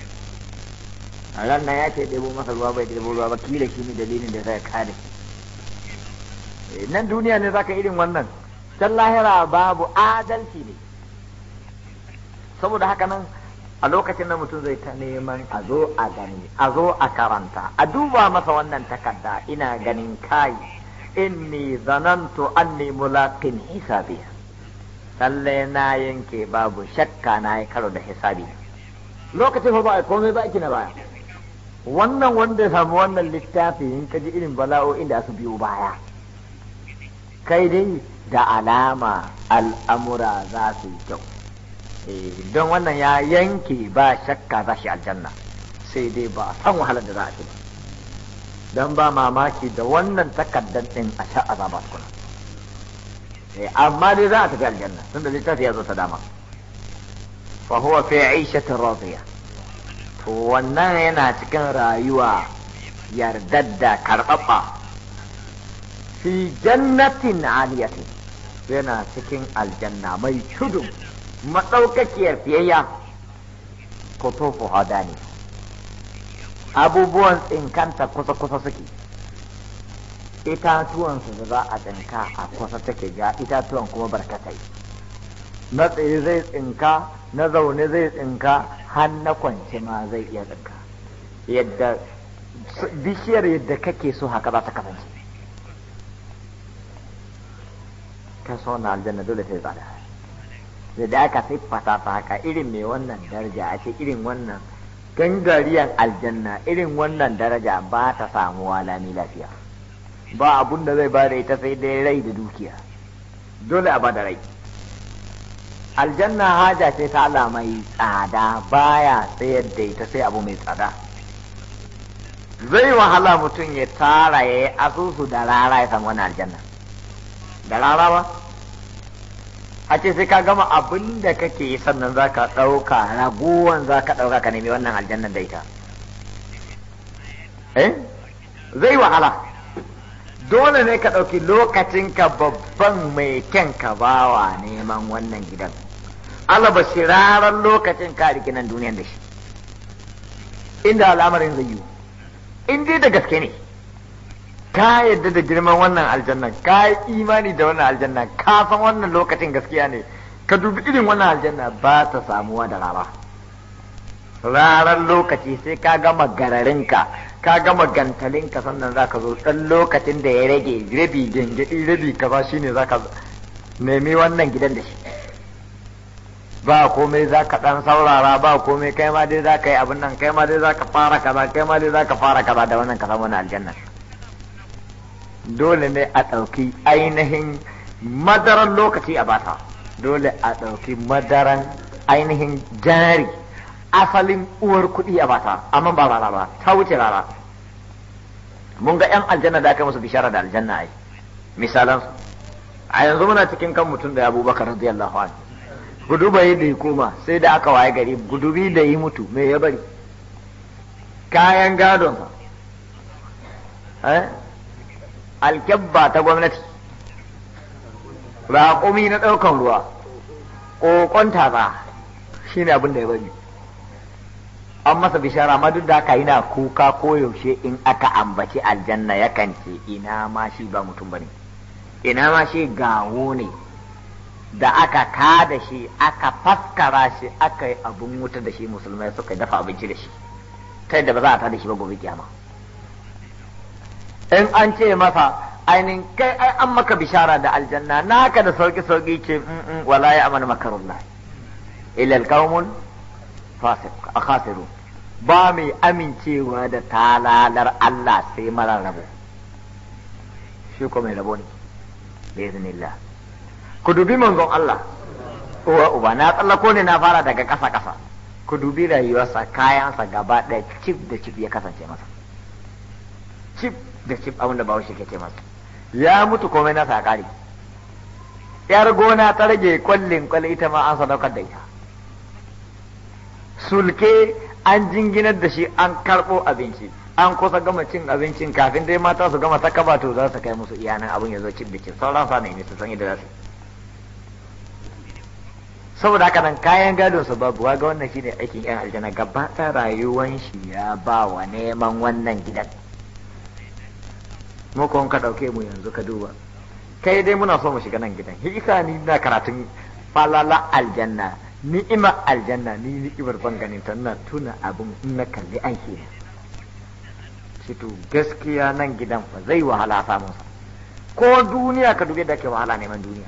a ran nan ya ce ɗebo masa ruwa bai ɗebo ruwa ba kila shi ne dalilin da zai kare eh, nan duniya ne zaka irin wannan can lahira babu adalci ne saboda haka nan a lokacin da mutum zai ta neman a zo a gani a zo a karanta a duba masa wannan takarda ina ganin kai inni zanantu anni mulaqin hisabiya lalle na yanke babu shakka na yi karo da hisabi lokacin ba a komai ba na baya wannan wanda ya samu wannan littafi in ka ji irin bala'o'in da su biyo baya kai dai da alama al'amura za su yi kyau eh, don wannan ya yanke ba shakka za shi aljanna sai dai ba san wahalar da za a ci ba don ba mamaki da wannan takardar ɗin a sha'a ba su kuna Eh, amma dai za a tafi aljanna tunda littafi ya zo ta dama fa huwa fi aishatin radiya to wannan yana cikin rayuwa yardadda karɓaɓɓa fi jannatin aliyati yana cikin aljanna mai cudu matsaukakiyar fiyayya kutufu hadani abubuwan tsinkanta kusa-kusa suke itatuwansu da za a tsinka a kusa take ga itatuwan kuma barkatai na tsaye zai tsinka na zaune zai tsinka har na ma zai iya tsinka yadda bishiyar yadda kake so haka za ta kasance ka so na aljanna dole sai tsada da aka siffata ta haka irin mai wannan daraja a ce irin wannan gangariyan aljanna irin wannan daraja ba ta samuwa lami lafiya ba abun da zai bada ita sai dai rai da dukiya dole a bada rai aljanna haja ce ta Allah mai tsada baya sayar da ita sai abu mai tsada zai wahala mutum ya tara ya yi asusu da rara ya samu wani aljanna da rara ba a ce sai ka gama abin da kake yi sannan za ka ɗauka ragowan za ka ɗauka ka nemi wannan aljannan da ita eh zai wahala dole ne ka ɗauki lokacin ka babban mai kyan ka bawa neman wannan gidan shi raran lokacin ka riki nan duniyan da shi inda al'amarin zai yi in dai da gaske ne ka yadda da girman wannan aljanna ka yi imani da wannan aljanna ka san wannan lokacin gaskiya ne ka dubi irin wannan aljanna ba ta samuwa da rara rarar lokaci sai ka gama gararinka ka gama gantalin ka sannan zaka zo dan lokacin da ya rage rabi gengedi rabi ne shine zaka nemi wannan gidan da shi ba komai zaka dan saurara ba komai kai ma dai zaka yi abin nan kai ma dai zaka fara kaza kai ma dai zaka fara kaza da wannan ka samu na aljanna dole ne a ɗauki ainihin madaran lokaci a bata dole a ɗauki madaran ainihin jari asalin uwar kuɗi a bata amma ba rara ba ta wuce rara mun ga 'yan aljanna da aka musu bishara da aljanna ai misalan a yanzu muna cikin kan mutum da abubakar radiyallahu anhu gudu yi da ya koma sai da aka waye gari gudu gudubi da yi mutu me ya bari kayan gadon eh? alkabba ta gwamnati raƙumi na ɗaukan ruwa ƙoƙon taza shi ne abin da ya bari an masa bishara ma duk da yi yana kuka ko yaushe in aka ambaci aljanna yakan kance ina ma shi ba mutum bane ina ma shi gawo ne da aka ka da shi aka faskara shi aka yi abun wuta da shi musulmai suka dafa abinci da shi ta yadda ba za a tada shi ba gobe kiyama in an ce masa ainihin kai ai an maka bishara da aljanna naka da sauki sauki ce wala ya amana makarullah ilal alqaumul khasirun ba mai amincewa da talalar Allah sai mara rabo shi ko mai rabo ne bai zinillah ku dubi manzon Allah uwa uba na tsallako ne na fara daga ƙasa ƙasa ku dubi rayuwarsa kayansa gaba ɗaya cif da cif ya kasance masa cif da cif abin da bawashi ke ce masa ya mutu komai na sakari yar gona ta rage kwallin kwallin ita ma an sadaukar da ita sulke an jinginar da shi an karɓo abinci an kusa gama cin abincin kafin dai mata su gama ba to za su kai musu iyanan abin ya zo cin da cin sauran sa ne su san yadda za su saboda haka nan kayan gadon su babu ga wannan shine aikin yan aljanna gaba ta rayuwan shi ya ba wa neman wannan gidan mu kun ka dauke mu yanzu ka duba kai dai muna so mu shiga nan gidan hikani na karatun falala aljanna ni'ima aljanna ni ni'imar bangane ta na tuna abin in na kalli an ke shi to gaskiya nan gidan fa zai wahala samun sa ko duniya ka dubi da ke wahala neman duniya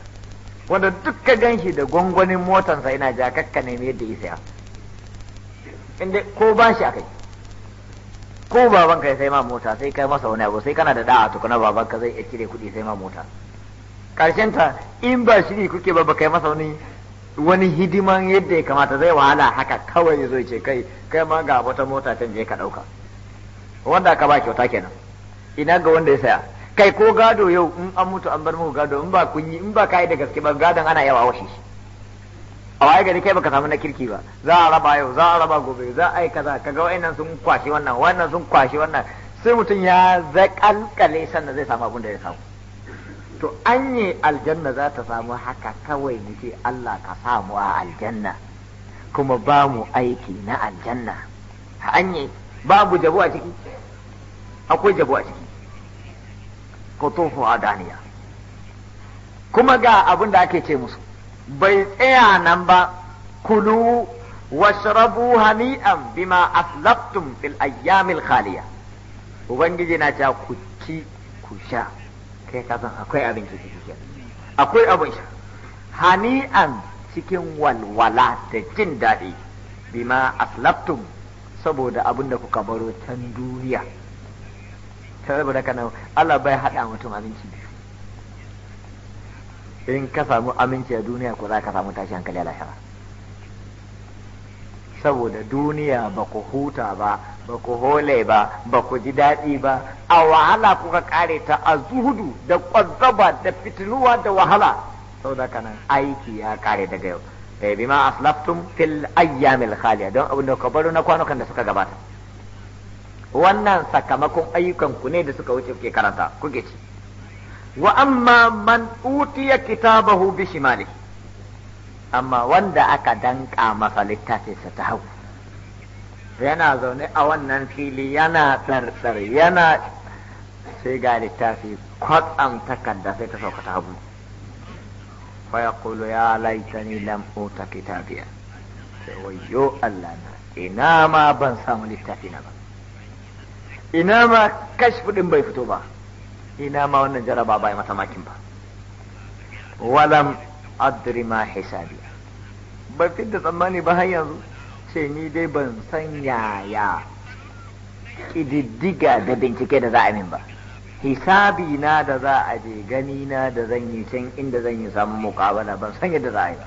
wanda duk ka gan shi da gwangwanin motansa yana ja kakka ne yadda ya saya inda ko ba shi akai ko baban ka sai ma mota sai kai masa wani abu sai kana da da'a tukuna baban ka zai iya cire kuɗi sai ma mota karshen ta in ba shi ne kuke ba ba kai masa wani wani hidiman yadda ya kamata zai wahala haka kawai zai ce kai kai ma ga wata mota can je ka dauka wanda ka ba kyauta kenan ina ga wanda ya saya kai ko gado yau in an mutu an bar muku gado in ba kun in ba yi da gaske ba gadon ana yawa washe shi a waye gari kai baka samu na kirki ba za a raba yau za a raba gobe za a yi kaza kaga wayannan sun kwashe wannan wannan sun kwashe wannan sai mutum ya zakalkale sannan zai samu abin da ya samu to an yi aljanna za ta samu haka kawai nufi Allah ka samu a aljanna kuma ba mu aiki na aljanna an anye babu jabu a ciki akwai jabu a ciki a adaniya kuma ga abin da ake ce musu bai tsaya nan ba kulu washrabu hani'an bima aslaftum fil ayyamil khaliya ubangiji na ta ku ci ku sha kai ka san akwai abin shi shi akwai abin sha hani'an cikin walwala da jin daɗi bima aslaftum saboda abin da kuka baro can duniya saboda kana Allah bai haɗa mutum aminci in ka samu aminci a duniya ko za ka samu tashi hankali a lahira saboda duniya ba ku huta ba ba ku hole ba ba ku ji daɗi ba a wahala kuka kare ta a zuhudu da ƙwazzaba da fitiluwa da wahala sau da aiki ya kare daga yau da eh, bi ma aslaftum fil ayyamil khaliya don abin da ka baro na kwanukan da suka gabata wannan sakamakon ayyukan ku ne da suka wuce ke karanta kuke ci wa amma man utiya kitabahu bi amma wanda aka danka masa littafinsa ta hau. yana zaune a wannan fili yana tsartsar yana sai ga littafi kwatsam takarda sai ta sauka ta hagu fa ya kulu ya laitani lam uta kitabiya sai wayo Allah na ina ma ban samu littafi na ba ina ma kashi fudin bai fito ba ina ma wannan jaraba bai mata makin ba walam adri ma hisabiya bai tsammani ba har yanzu ce ni dai ban san yaya ƙididdiga da bincike da za a min ba hisabi na da za a je gani na da zan yi can inda zan yi samun mukabala ban san yadda za a yi ba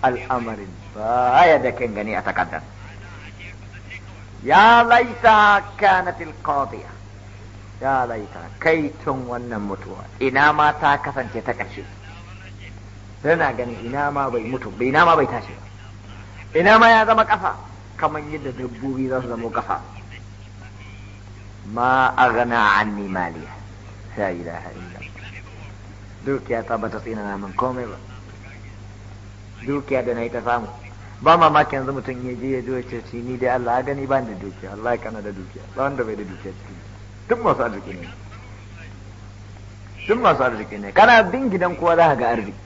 al'amarin baya da kan gani a takardar ya laisa kanatil qadiya ya laita kai tun wannan mutuwa ina ma ta kasance ta ƙarshe tana ganin ina ma bai mutu ina ma bai tashi ba ina ma ya zama kafa kamar yadda dabbobi za su zama kafa ma aghna anni maliya yi ilaha da. dukiya ta bata tsina na min komai ba dukiya da na yi ta samu ba mamaki yanzu mutum ya je ya zo ya ce ni dai Allah a gani ba da dukiya Allah ya kana da dukiya ba wanda bai da dukiya cikin duk masu arziki ne duk masu arziki ne kana bin gidan kowa za ka ga arziki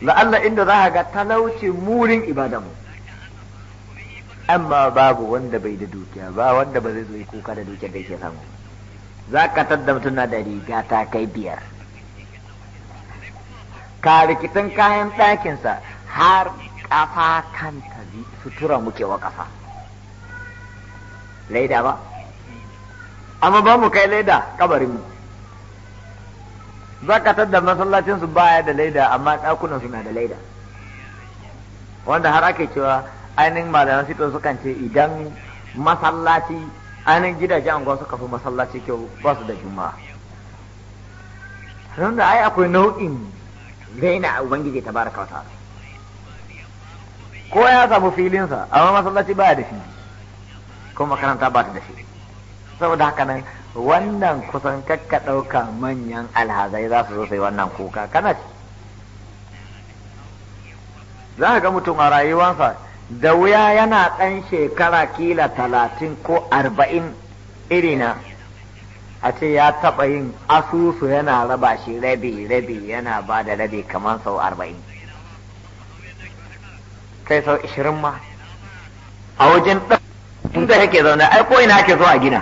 la'alla inda za ka ga talauci murin ibadanmu amma babu wanda bai da dukiya ba wanda ba zai zo yi kuka da dukiyar da yake samu za ka tadda mutum na da riga ta kai biyar ka rikitan kayan ɗakinsa har kafa kanta sutura muke wa kafa laida ba amma ba mu kai laida kabarinmu za ka tadda masallacinsu baya da laida amma ɗakunan suna da laida wanda har ake cewa ainihin malaman fiƙo sukan ce idan masallaci ainihin gidajen anguwa suka fi masallaci kyau ba su da juma'a sanar da ai akwai nau'in raina ubangiji ta ba da ko ya samu filinsa amma masallaci baya da shi ko makaranta ba da shi saboda haka nan wannan kusan kakka ɗauka manyan alhazai za su zo sai wannan kuka kana za ka ga mutum a rayuwarsa. da wuya yana ɗan shekara kila talatin ko arba'in irina a ce ya taɓa yin asusu yana raba shi rabi rabi yana ba da rabi kamar sau arba'in kai sau ishirin ma a wajen ɗan da yake zaune ai ko ina ake so a gina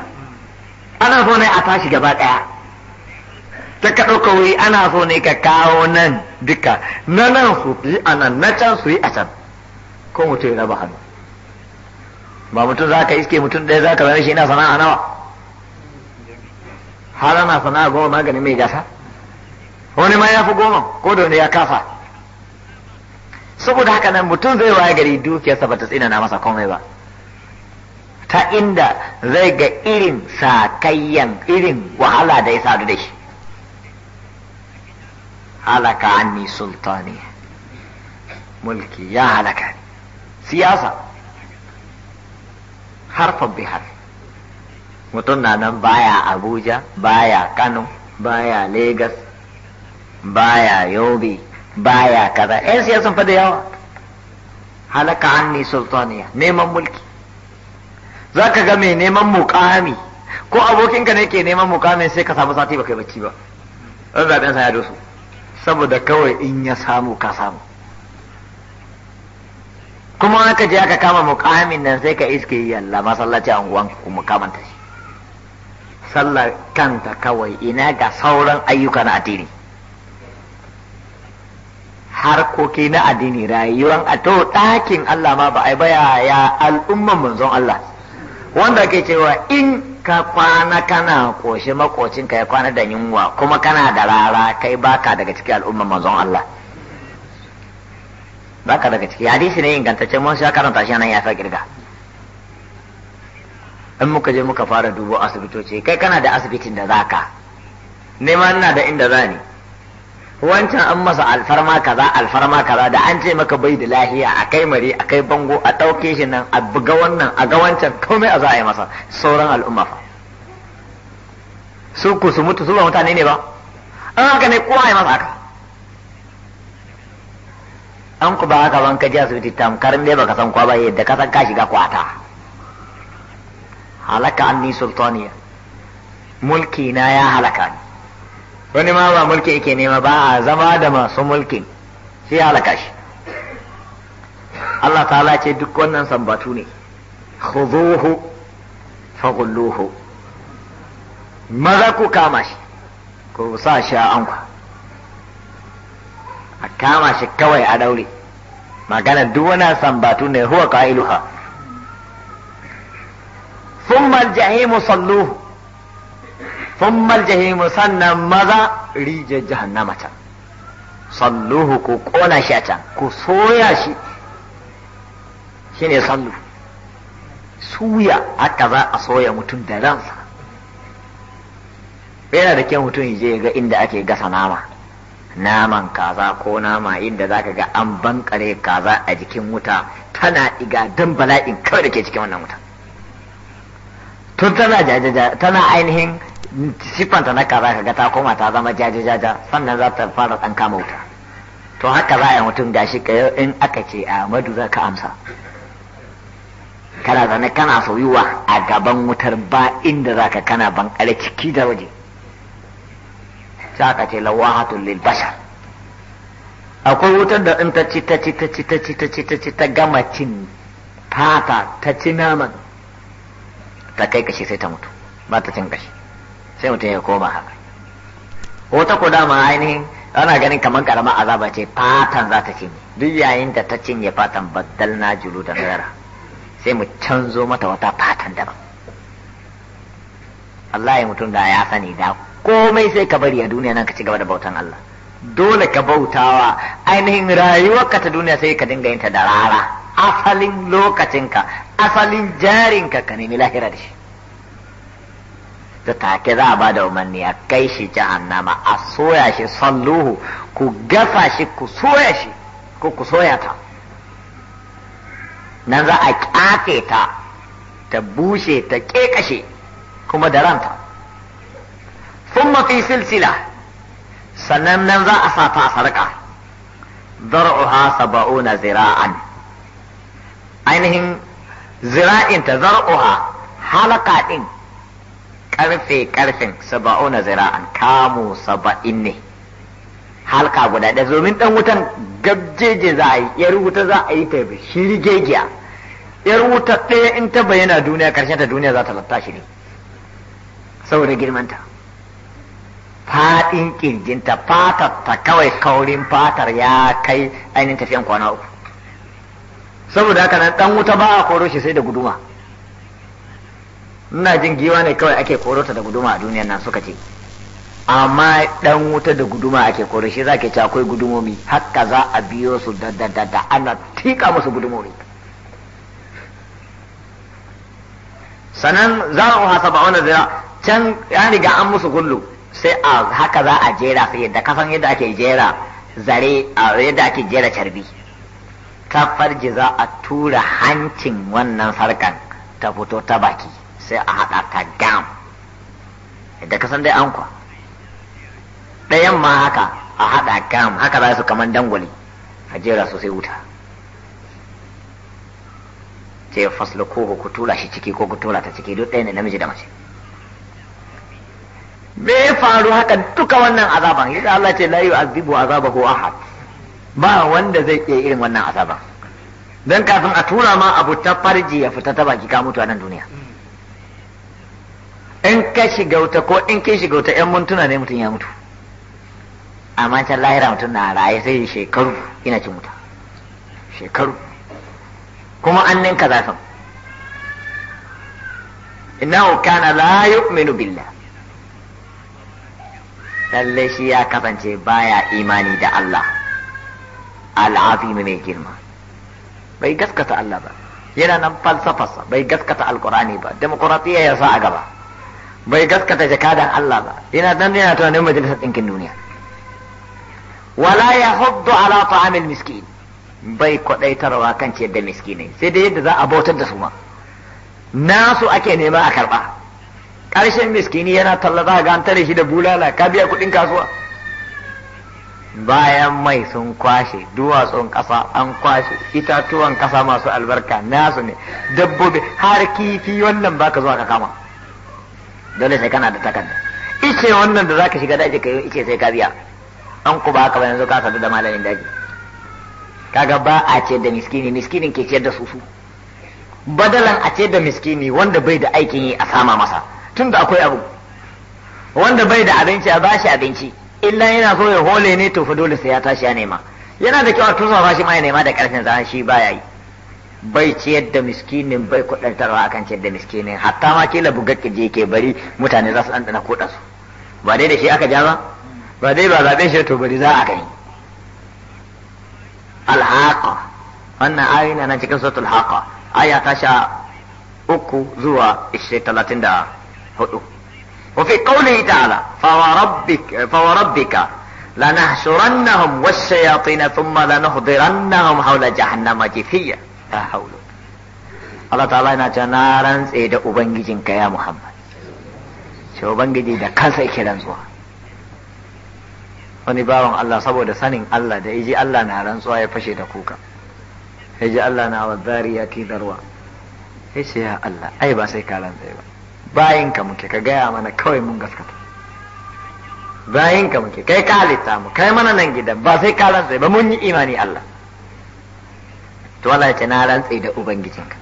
ana so ne a tashi gaba ɗaya ta ka ɗauka wuri ana so ne ka kawo nan duka na nan su yi a nan na can su yi a can ko mutum ya raba hannu ba mutum za ka iske mutum ɗaya za ka zane shi ina sana'a nawa har ana sana'a goma maganin mai gasa wani ma ya fi goma ko da wani ya kafa saboda haka nan mutum zai waye gari dukiyarsa ba ta na masa komai ba ta inda zai ga irin sakayyan irin wahala da ya sadu da shi halaka anni sultani mulki ya halaka siyasa harfan bihar mutum na nan baya abuja baya kano baya Legas, baya yobe baya kaza yan siyasa sun da yawa halaka anni sultaniya neman mulki za ka ga mai neman mukami ko abokinka ne ke neman mukami sai ka samu sati ba kai bacci ba ɗan zaɓen sa ya dosu saboda kawai in ya samu ka samu kuma aka je aka kama mukamin nan sai ka iske yalla masallaci anguwan kuma kamanta shi sallar kanta kawai ina ga sauran ayyuka na addini harkoki na addini rayuwan a to ɗakin Allah ma ba a baya ya al'umman manzon Allah wanda ke cewa in ka kwana kana koshi makocinka ya kwana da yunwa kuma kana da rara kai baka daga cikin al'umman manzon Allah ba ka daga ciki hadisi ne ingantaccen mun ya karanta shi nan ya fa girga in muka je muka fara dubo asibitoci kai kana da asibitin da zaka nema ina da inda za ni wancan an masa alfarma kaza alfarma kaza da an ce maka bai da lahiya a kai mari a kai bango a ɗauke shi nan a buga wannan a ga wancan komai a za a yi masa sauran al'umma fa su ku su mutu su ba mutane ne ba an haka ne kowa ya masa haka an ku ba haka ban ka jiya asibiti tamkarin dai baka san kwa ba yadda ka san ka shiga kwata halaka ni sultaniya mulki na ya halaka ni wani ma ba mulki yake nema ba a zama da masu mulkin shi ya halaka shi Allah ta'ala ce duk wannan sambatu ne khuzuhu kulluhu maza ku kama shi ku sa shi a anku a kama shi kawai a daure magana duk wani batu ne huwa qailuha thumma al-jahimu salluhu thumma al-jahimu sannan maza rije jahannama ta salluhu ku kona shi a can ku soya shi shine sallu suya aka za a soya mutum da ransa yana da kyan mutum ya je ga inda ake gasa nama naman kaza ko nama inda zaka ga an bankare kaza a jikin wuta tana iga dan bala'in kawai da ke cikin wannan wuta tun tana jajaja tana ainihin siffanta na kaza kaga ta koma ta zama jaje-jaje sannan za ta fara dan kama wuta to haka za a yi mutum gashi in aka ce a madu za ka amsa kana zane kana soyuwa a gaban wutar ba inda ka kana bankare ciki da waje saka ce lawahatun lil bashar akwai wutar da in ta ci ta ci ta ci ta ci ta ci ta ci ta gama cin fata ta ci naman ta kai kashi sai ta mutu ba ta cin kashi sai mutum ya koma haka wata ko dama ainihin ana ganin kamar karama azaba ce fatan za ta cinye duk yayin da ta cinye fatan baddal na julu da nera sai mu canzo mata wata fatan daban Allah ya mutum da ya sani da komai sai ka bari a duniya nan ka ci gaba da bautan Allah dole ka bautawa ainihin rayuwarka ta duniya sai ka dinga yinta da rara asalin lokacinka asalin jarinka ka nemi lahira da shi ta take za a ba da umarni a kai shi jahannama a soya shi salluhu ku gafa shi ku soya shi ko ku soya ta nan za a kyafe ta ta bushe ta kekashe kuma da ranta thumma fi silsila sannan nan za a sa ta a sarƙa zar'uha zira'an ainihin zira'in ta zar'uha halaka din karfe karfin kamu saba'in ne halka guda ɗaya domin ɗan wutan gabjeje yar wuta za a yi ta shirgegiya yar wuta ɗaya in ta bayyana duniya ƙarshen ta duniya za ta latta shi ne saboda girmanta faɗin ƙirjinta fatar ta kawai kaurin fatar ya kai ainihin tafiyan kwana uku saboda haka nan ɗan wuta ba a koro shi sai da guduma ina jin giwa ne kawai ake koro ta da guduma a duniyan nan suka ce amma ɗan wuta da guduma ake koro shi za ke ci akwai gudumomi haka za a biyo su da da da ana tika musu gudumomi sannan za a hasaba wannan wani zira can ya riga an musu gullu sai a haka za a jera su yadda kasan yadda ake jera zare a yadda ake jera carbi ta farji za a tura hancin wannan sarkan ta fito ta baki sai a haɗa ta gam yadda kasan dai an kwa ɗayan ma haka a haɗa gam haka za su kaman dangwali a jera su sai wuta ce faslo ko ku tura shi ciki ko ku tura ta ciki duk ɗaya ne namiji da mace me ya faru haka duka wannan azaban yadda Allah ce la yu'azibu azabahu ahad ba wanda zai iya irin wannan azaban dan kafin a tura ma abu ta farji ya fita ta baki ka mutu a nan duniya in ka shiga wuta ko in kin shiga wuta yan mintuna ne mutum ya mutu amma can lahira mutum na raye sai shekaru ina cin mutu. shekaru kuma an ninka zafin innahu kana la yu'minu billah lalle shi ya kasance baya imani da Allah al'azim mai girma bai gaskata Allah ba yana nan falsafarsa bai gaskata alkurani ba demokratiya ya sa a gaba bai gaskata jakadan Allah ba yana nan yana tunanin majalisar ɗinkin duniya wala ya huddu ala ta'amil miskin bai kwadaitarwa kan ciyar da miskinai sai dai yadda za a bautar da su ma nasu ake nema a karba ƙarshen miskini yana talla za ga an tare shi da bulala ka biya kuɗin kasuwa bayan mai sun kwashe duwatsun ƙasa an kwashe itatuwan ƙasa masu albarka nasu ne dabbobi har kifi wannan ba ka zuwa ka kama dole sai kana da takarda ice wannan da zaka shiga daji kai ice sai ka biya an ku ba ka ba yanzu ka sadu da malamin daji kaga ba a ce da miskini miskinin ke ciyar da su su badalan a ce da miskini wanda bai da aikin yi a sama masa Tun da akwai abu wanda bai da abinci a bashi abinci illa yana so ya hole ne to fa dole sai ya tashi ya nema yana da kyau a tursa shi ma ya nema da karfin sa shi baya yi bai ciyar da miskinin bai kudantarwa akan ciyar da miskinin hatta ma kila bugakki je ke bari mutane za su dana koda su ba dai da shi aka ja ba ba dai ba zaben shi to bari za a kai alhaqa wannan ayina na cikin suratul haqa aya ta sha uku zuwa ishirin talatin da hudu wa fi qawlihi ta'ala fa wa rabbika fa wa rabbika la wash-shayatin thumma lanuhdirannahum hawla jahannama jithiya ta hawla Allah ta'ala yana cewa na rantse da ubangijinka ya Muhammad shi ubangiji da kansa yake rantsuwa wani bawan Allah saboda sanin Allah da iji Allah na rantsuwa ya fashe da kuka yaji Allah na wa zariyati darwa sai ya Allah ai ba sai ka rantsa ba bayinka muke ka gaya mana kawai mun gaskata bayinka muke kai ka halitta mu kai mana nan gidan ba sai ka rantsa ba mun yi imani Allah to Allah ce na rantsa da ubangijinka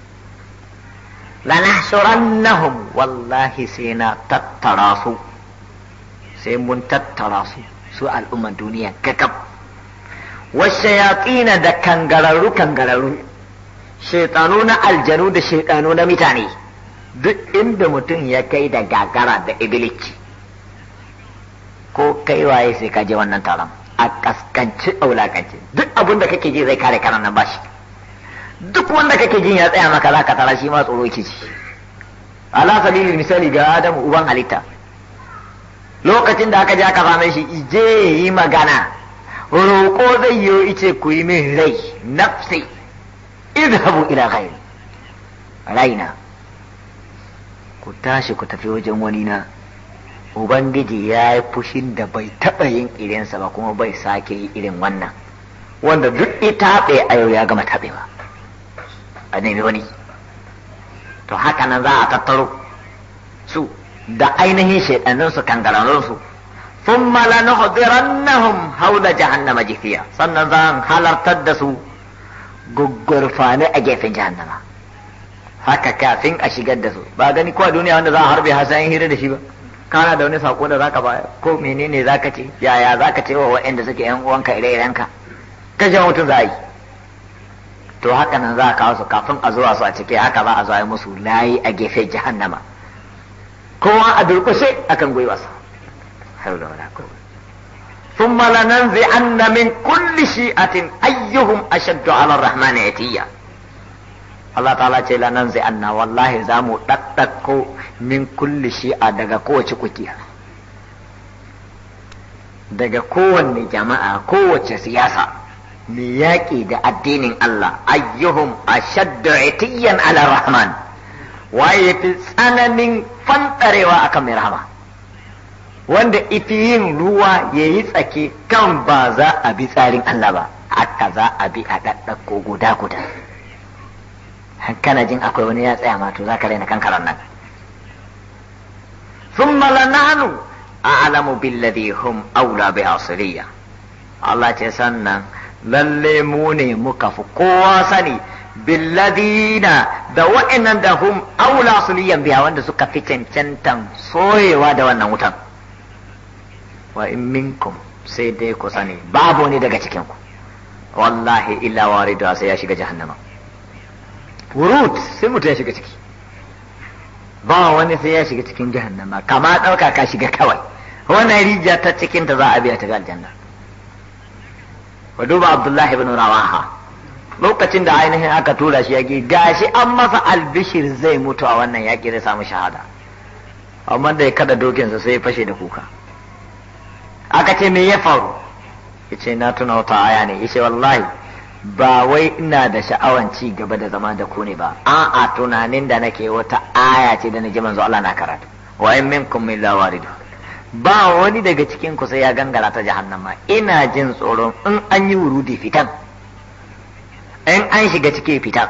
lanahshurannahum wallahi sai na tattara su sai mun tattara su su al'umman duniya kakab washayatina da kangararru kangararru shaitanu aljanu da shaitanu na mutane duk inda mutum ya kai da gagara da ibilici ko kai waye sai ka wannan taron a kaskanci a wulakanci duk abin kake ji zai kare karan nan bashi duk wanda kake jin ya tsaya maka za ka tara shi ma tsoro yake ci ala sabilil misali ga adamu uban halitta lokacin da aka je aka fama shi ije yi magana roƙo zai yi ice ku yi min rai nafsi idhabu ila ghairi raina ku tashi ku tafi wajen wani na ubangiji ya yi fushin da bai taɓa yin irinsa ba kuma bai sake yi irin wannan wanda duk taɓe a yau ya gama taɓewa a nemi wani to haka nan za a tattaro su da ainihin sun shaidanninsu na ثم hau da jahannama jifiya sannan za zan halartar da su guggurfani a gefen jahannama haka kafin a shigar da su ba gani ko a duniya wanda za a harbe hasayin hira da shi ba kana da wani sako da za ka baya, ko menene ka ce yaya za ka ce wa waɗanda suke yan uwanka ire-irenka kashe mutum za a yi to haka nan za a kawo su kafin a zuwa su a cike haka za a zuwa musu layi a gefe jahannama kowa a durkushe akan gwiwarsa har da wala ko ثم لننزعن من كل شيئة أيهم أشد على الرحمن عتيا Allah ta'ala ce lanan zai anna wallahi za mu ɗaɗɗako min kulli shi'a daga kowace kukiya daga kowanne jama'a kowace siyasa mai yaƙi da addinin Allah ayyuhum ashaddu itiyan ala rahman waye fi tsananin fantarewa akan mai rahama wanda ifi yin ruwa ya yi tsake kan ba za a bi tsarin Allah ba haka za a bi a ɗaɗɗako guda guda kana jin akwai wani ya tsaya ma to zaka raina kankaran nan thumma lananu a'lamu billadhi hum aula bi asriya Allah ce sannan lalle mu ne muka fi kowa sani billadina da wa'annan da hum aula suliyan biya wanda suka fi cancantan soyewa da wannan wutan wa in minkum sai dai ku sani babu ne daga cikinku. wallahi illa waridu sai ya shiga jahannama furut sai mutum ya shiga ciki ba wani sai ya shiga cikin jahannama kama ɗauka ka shiga kawai wannan rijiya ta cikin ta za a biya ta ga aljanna wa duba abdullahi ibn rawaha lokacin da ainihin aka tura shi yaƙi gashi an masa albishir zai mutu a wannan yaki zai samu shahada amma da ya kada dokinsa sai ya fashe da kuka aka ce me ya faru yace na tuna wata aya ne yace wallahi ba wai ina da sha'awan ci gaba da zama da kone ne ba a'a tunanin da nake wata aya ce da naji manzo Allah na karatu wa in minkum min lawaridu ba wani daga cikin ku sai ya gangara ta jahannama ina jin tsoron in an yi wurudi fitan in an shiga ciki fitan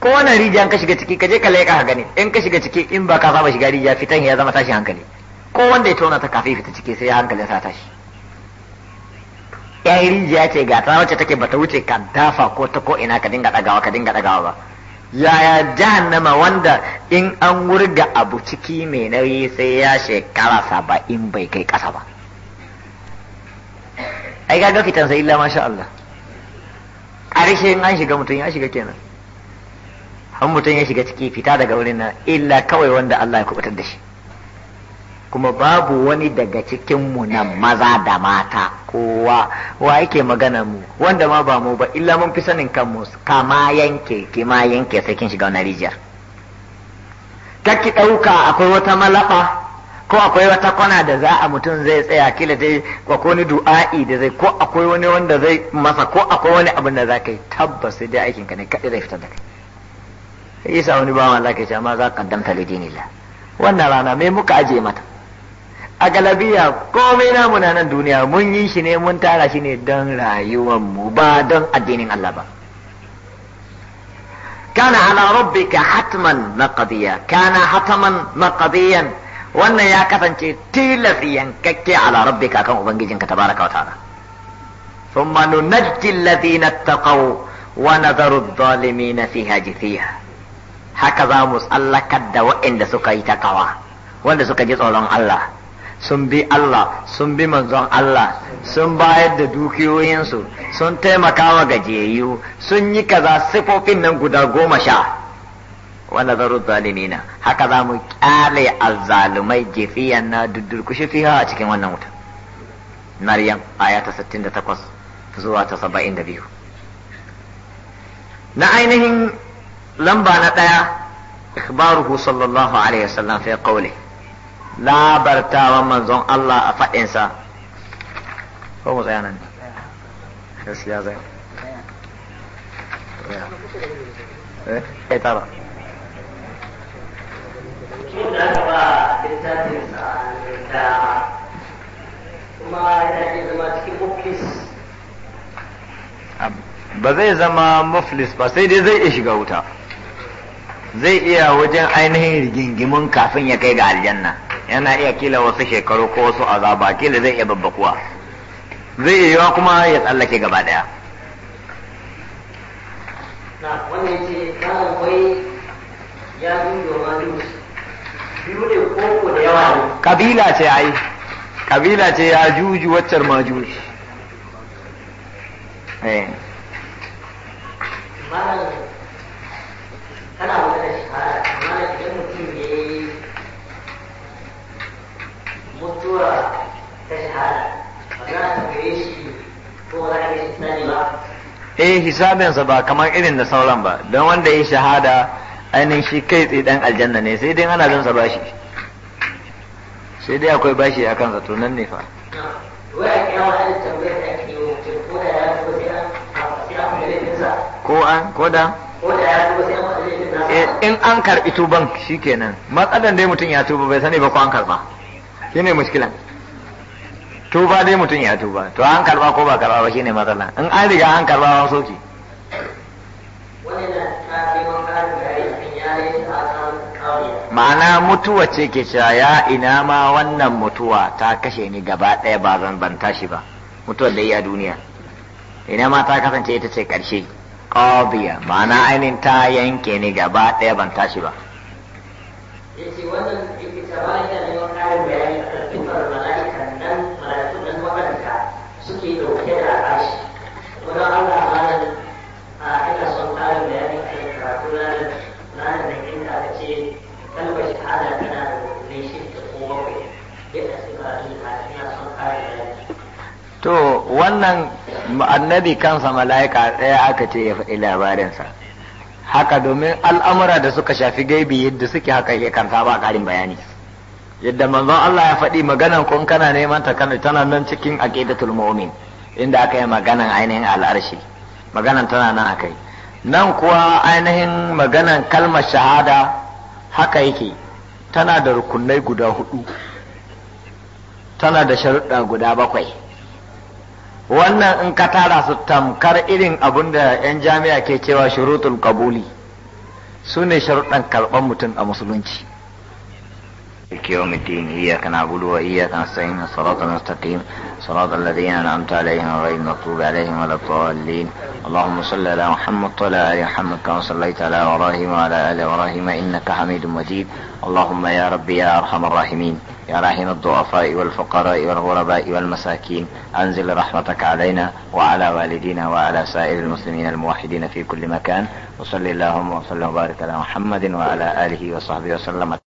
ko wannan rijiya ka shiga ciki ka je ka leka ka gani in ka shiga ciki in ba ka saba shiga rijiya fitan ya zama tashi hankali ko wanda ya tona ta kafi fita ciki sai hankalin sa tashi yan rijiya ce ga ta wacce take bata wuce ka dafa ko ta ko ina ka dinga dagawa ka dinga dagawa ba yaya jahannama wanda in an wurga abu ciki mai nauyi sai ya shekara saba'in bai kai ƙasa ba ai ga fitan sai illa masha Allah ƙarshe in an shiga mutum ya shiga kenan an mutum ya shiga ciki fita daga wurin nan illa kawai wanda Allah ya kubutar da shi kuma babu wani daga cikinmu nan maza da mata kowa wa yake magana mu wanda ma ba mu ba illa mun fi sanin kanmu kama yanke kima yanke sai kin shiga wani rijiyar ki ɗauka akwai wata malafa ko akwai wata kwana da za a mutum zai tsaya kila dai ko wani du'a'i da zai ko akwai wani wanda zai masa ko akwai wani abin da za ka yi tabbas sai dai aikin ka ne kaɗai zai fitar da kai isa wani bawan Allah ke amma za ka kaddamta lidinillah wannan rana me muka aje mata a galabiya komai namu na nan duniya mun yi shi ne mun tara shi ne don mu ba don addinin Allah ba kana ala rabbika hatman maqdiya kana hatman maqdiyan wannan ya kasance tilafi yankakke ala rabbika kan ubangijinka tabaraka wa ta'ala thumma nunajji alladhina taqaw wa nadharu adh-dhalimina fiha jithiya haka za mu tsallakar da waɗanda suka yi takawa wanda suka ji tsoron Allah sun bi Allah sun bi manzon Allah sun bayar da dukiyoyinsu sun taimaka wa gajiyayyu sun yi kaza sifofin nan guda goma sha wanda zaru zalimina haka za mu kyale azzalumai gefiyan na duddurkushi fiha a cikin wannan wuta maryam aya ta 68 zuwa ta 72 na ainihin lamba na ɗaya ikhbaruhu sallallahu alaihi wasallam fi qawlihi labartawan manzon Allah a faɗinsa ko mu tsaya nan gaskiya zai eh, eh tara ba zai zama muflis ba sai dai zai iya shiga wuta zai iya wajen ainihin rigingimin kafin ya kai ga aljanna yana iya kila wasu shekaru ko wasu azaba kila zai iya babbakuwa zai iya yiwa kuma ya tsallake gaba daya wannan ce kanan kwai ya biyu ne koko da yawa ne kabila ce ai kabila ce ya juju waccar ma juji eh kana wani shahara amma idan mutum ya yi mutuwa ta shahada za ta gare shi ko za a yi ba eh hisabinsa ba kamar irin da sauran ba don wanda ya shahada ainihin shi kai tsaye dan aljanna ne sai dai ana zansa sa bashi sai dai akwai bashi a kansa to nan ne fa ko an ko da eh, in an karbi tuban shikenan matsalan dai mutum ya tuba bai sani ba ko an karba shine mushkilan tuba dai mutum ya tuba to an karba ko ba karba ba shine matsala in an riga an karba an soki ma'ana mutuwa ce ke cewa ya ina ma wannan mutuwa ta kashe ni gaba ɗaya ba zan ban tashi ba mutuwar da yi a duniya ina ma ta kasance ita ce ƙarshe ƙabiya ma'ana ainihin ta yanke ni gaba ɗaya ban tashi ba yace wannan wannan annabi kansa mala'ika ɗaya aka ce ya faɗi labarinsa haka domin al'amura da suka shafi gaibi yadda suke haka ya kan a ƙarin bayani yadda manzon Allah ya faɗi maganan kun kana neman ta kana tana nan cikin aqidatul mu'min inda aka yi maganan ainihin al'arshi maganan tana nan akai nan kuwa ainihin maganan kalmar shahada haka yake tana da rukunai guda hudu tana da sharuɗa guda bakwai wannan in ka tara su tamkar irin abun da 'yan jami'a ke cewa shurutul kabuli su ne sharuɗan karɓar mutum a musulunci يوم الدين إياك نعبد وإياك نستعين الصراط المستقيم صراط الذين أنعمت عليهم غير المغضوب عليهم ولا الضالين اللهم صل على محمد وعلى آل محمد كما صليت على إبراهيم وعلى آل إبراهيم إنك حميد مجيد اللهم يا ربي يا أرحم الراحمين يا رحيم الضعفاء والفقراء والغرباء والمساكين أنزل رحمتك علينا وعلى والدينا وعلى سائر المسلمين الموحدين في كل مكان وصلي اللهم وصلي وبارك على محمد وعلى آله وصحبه وسلم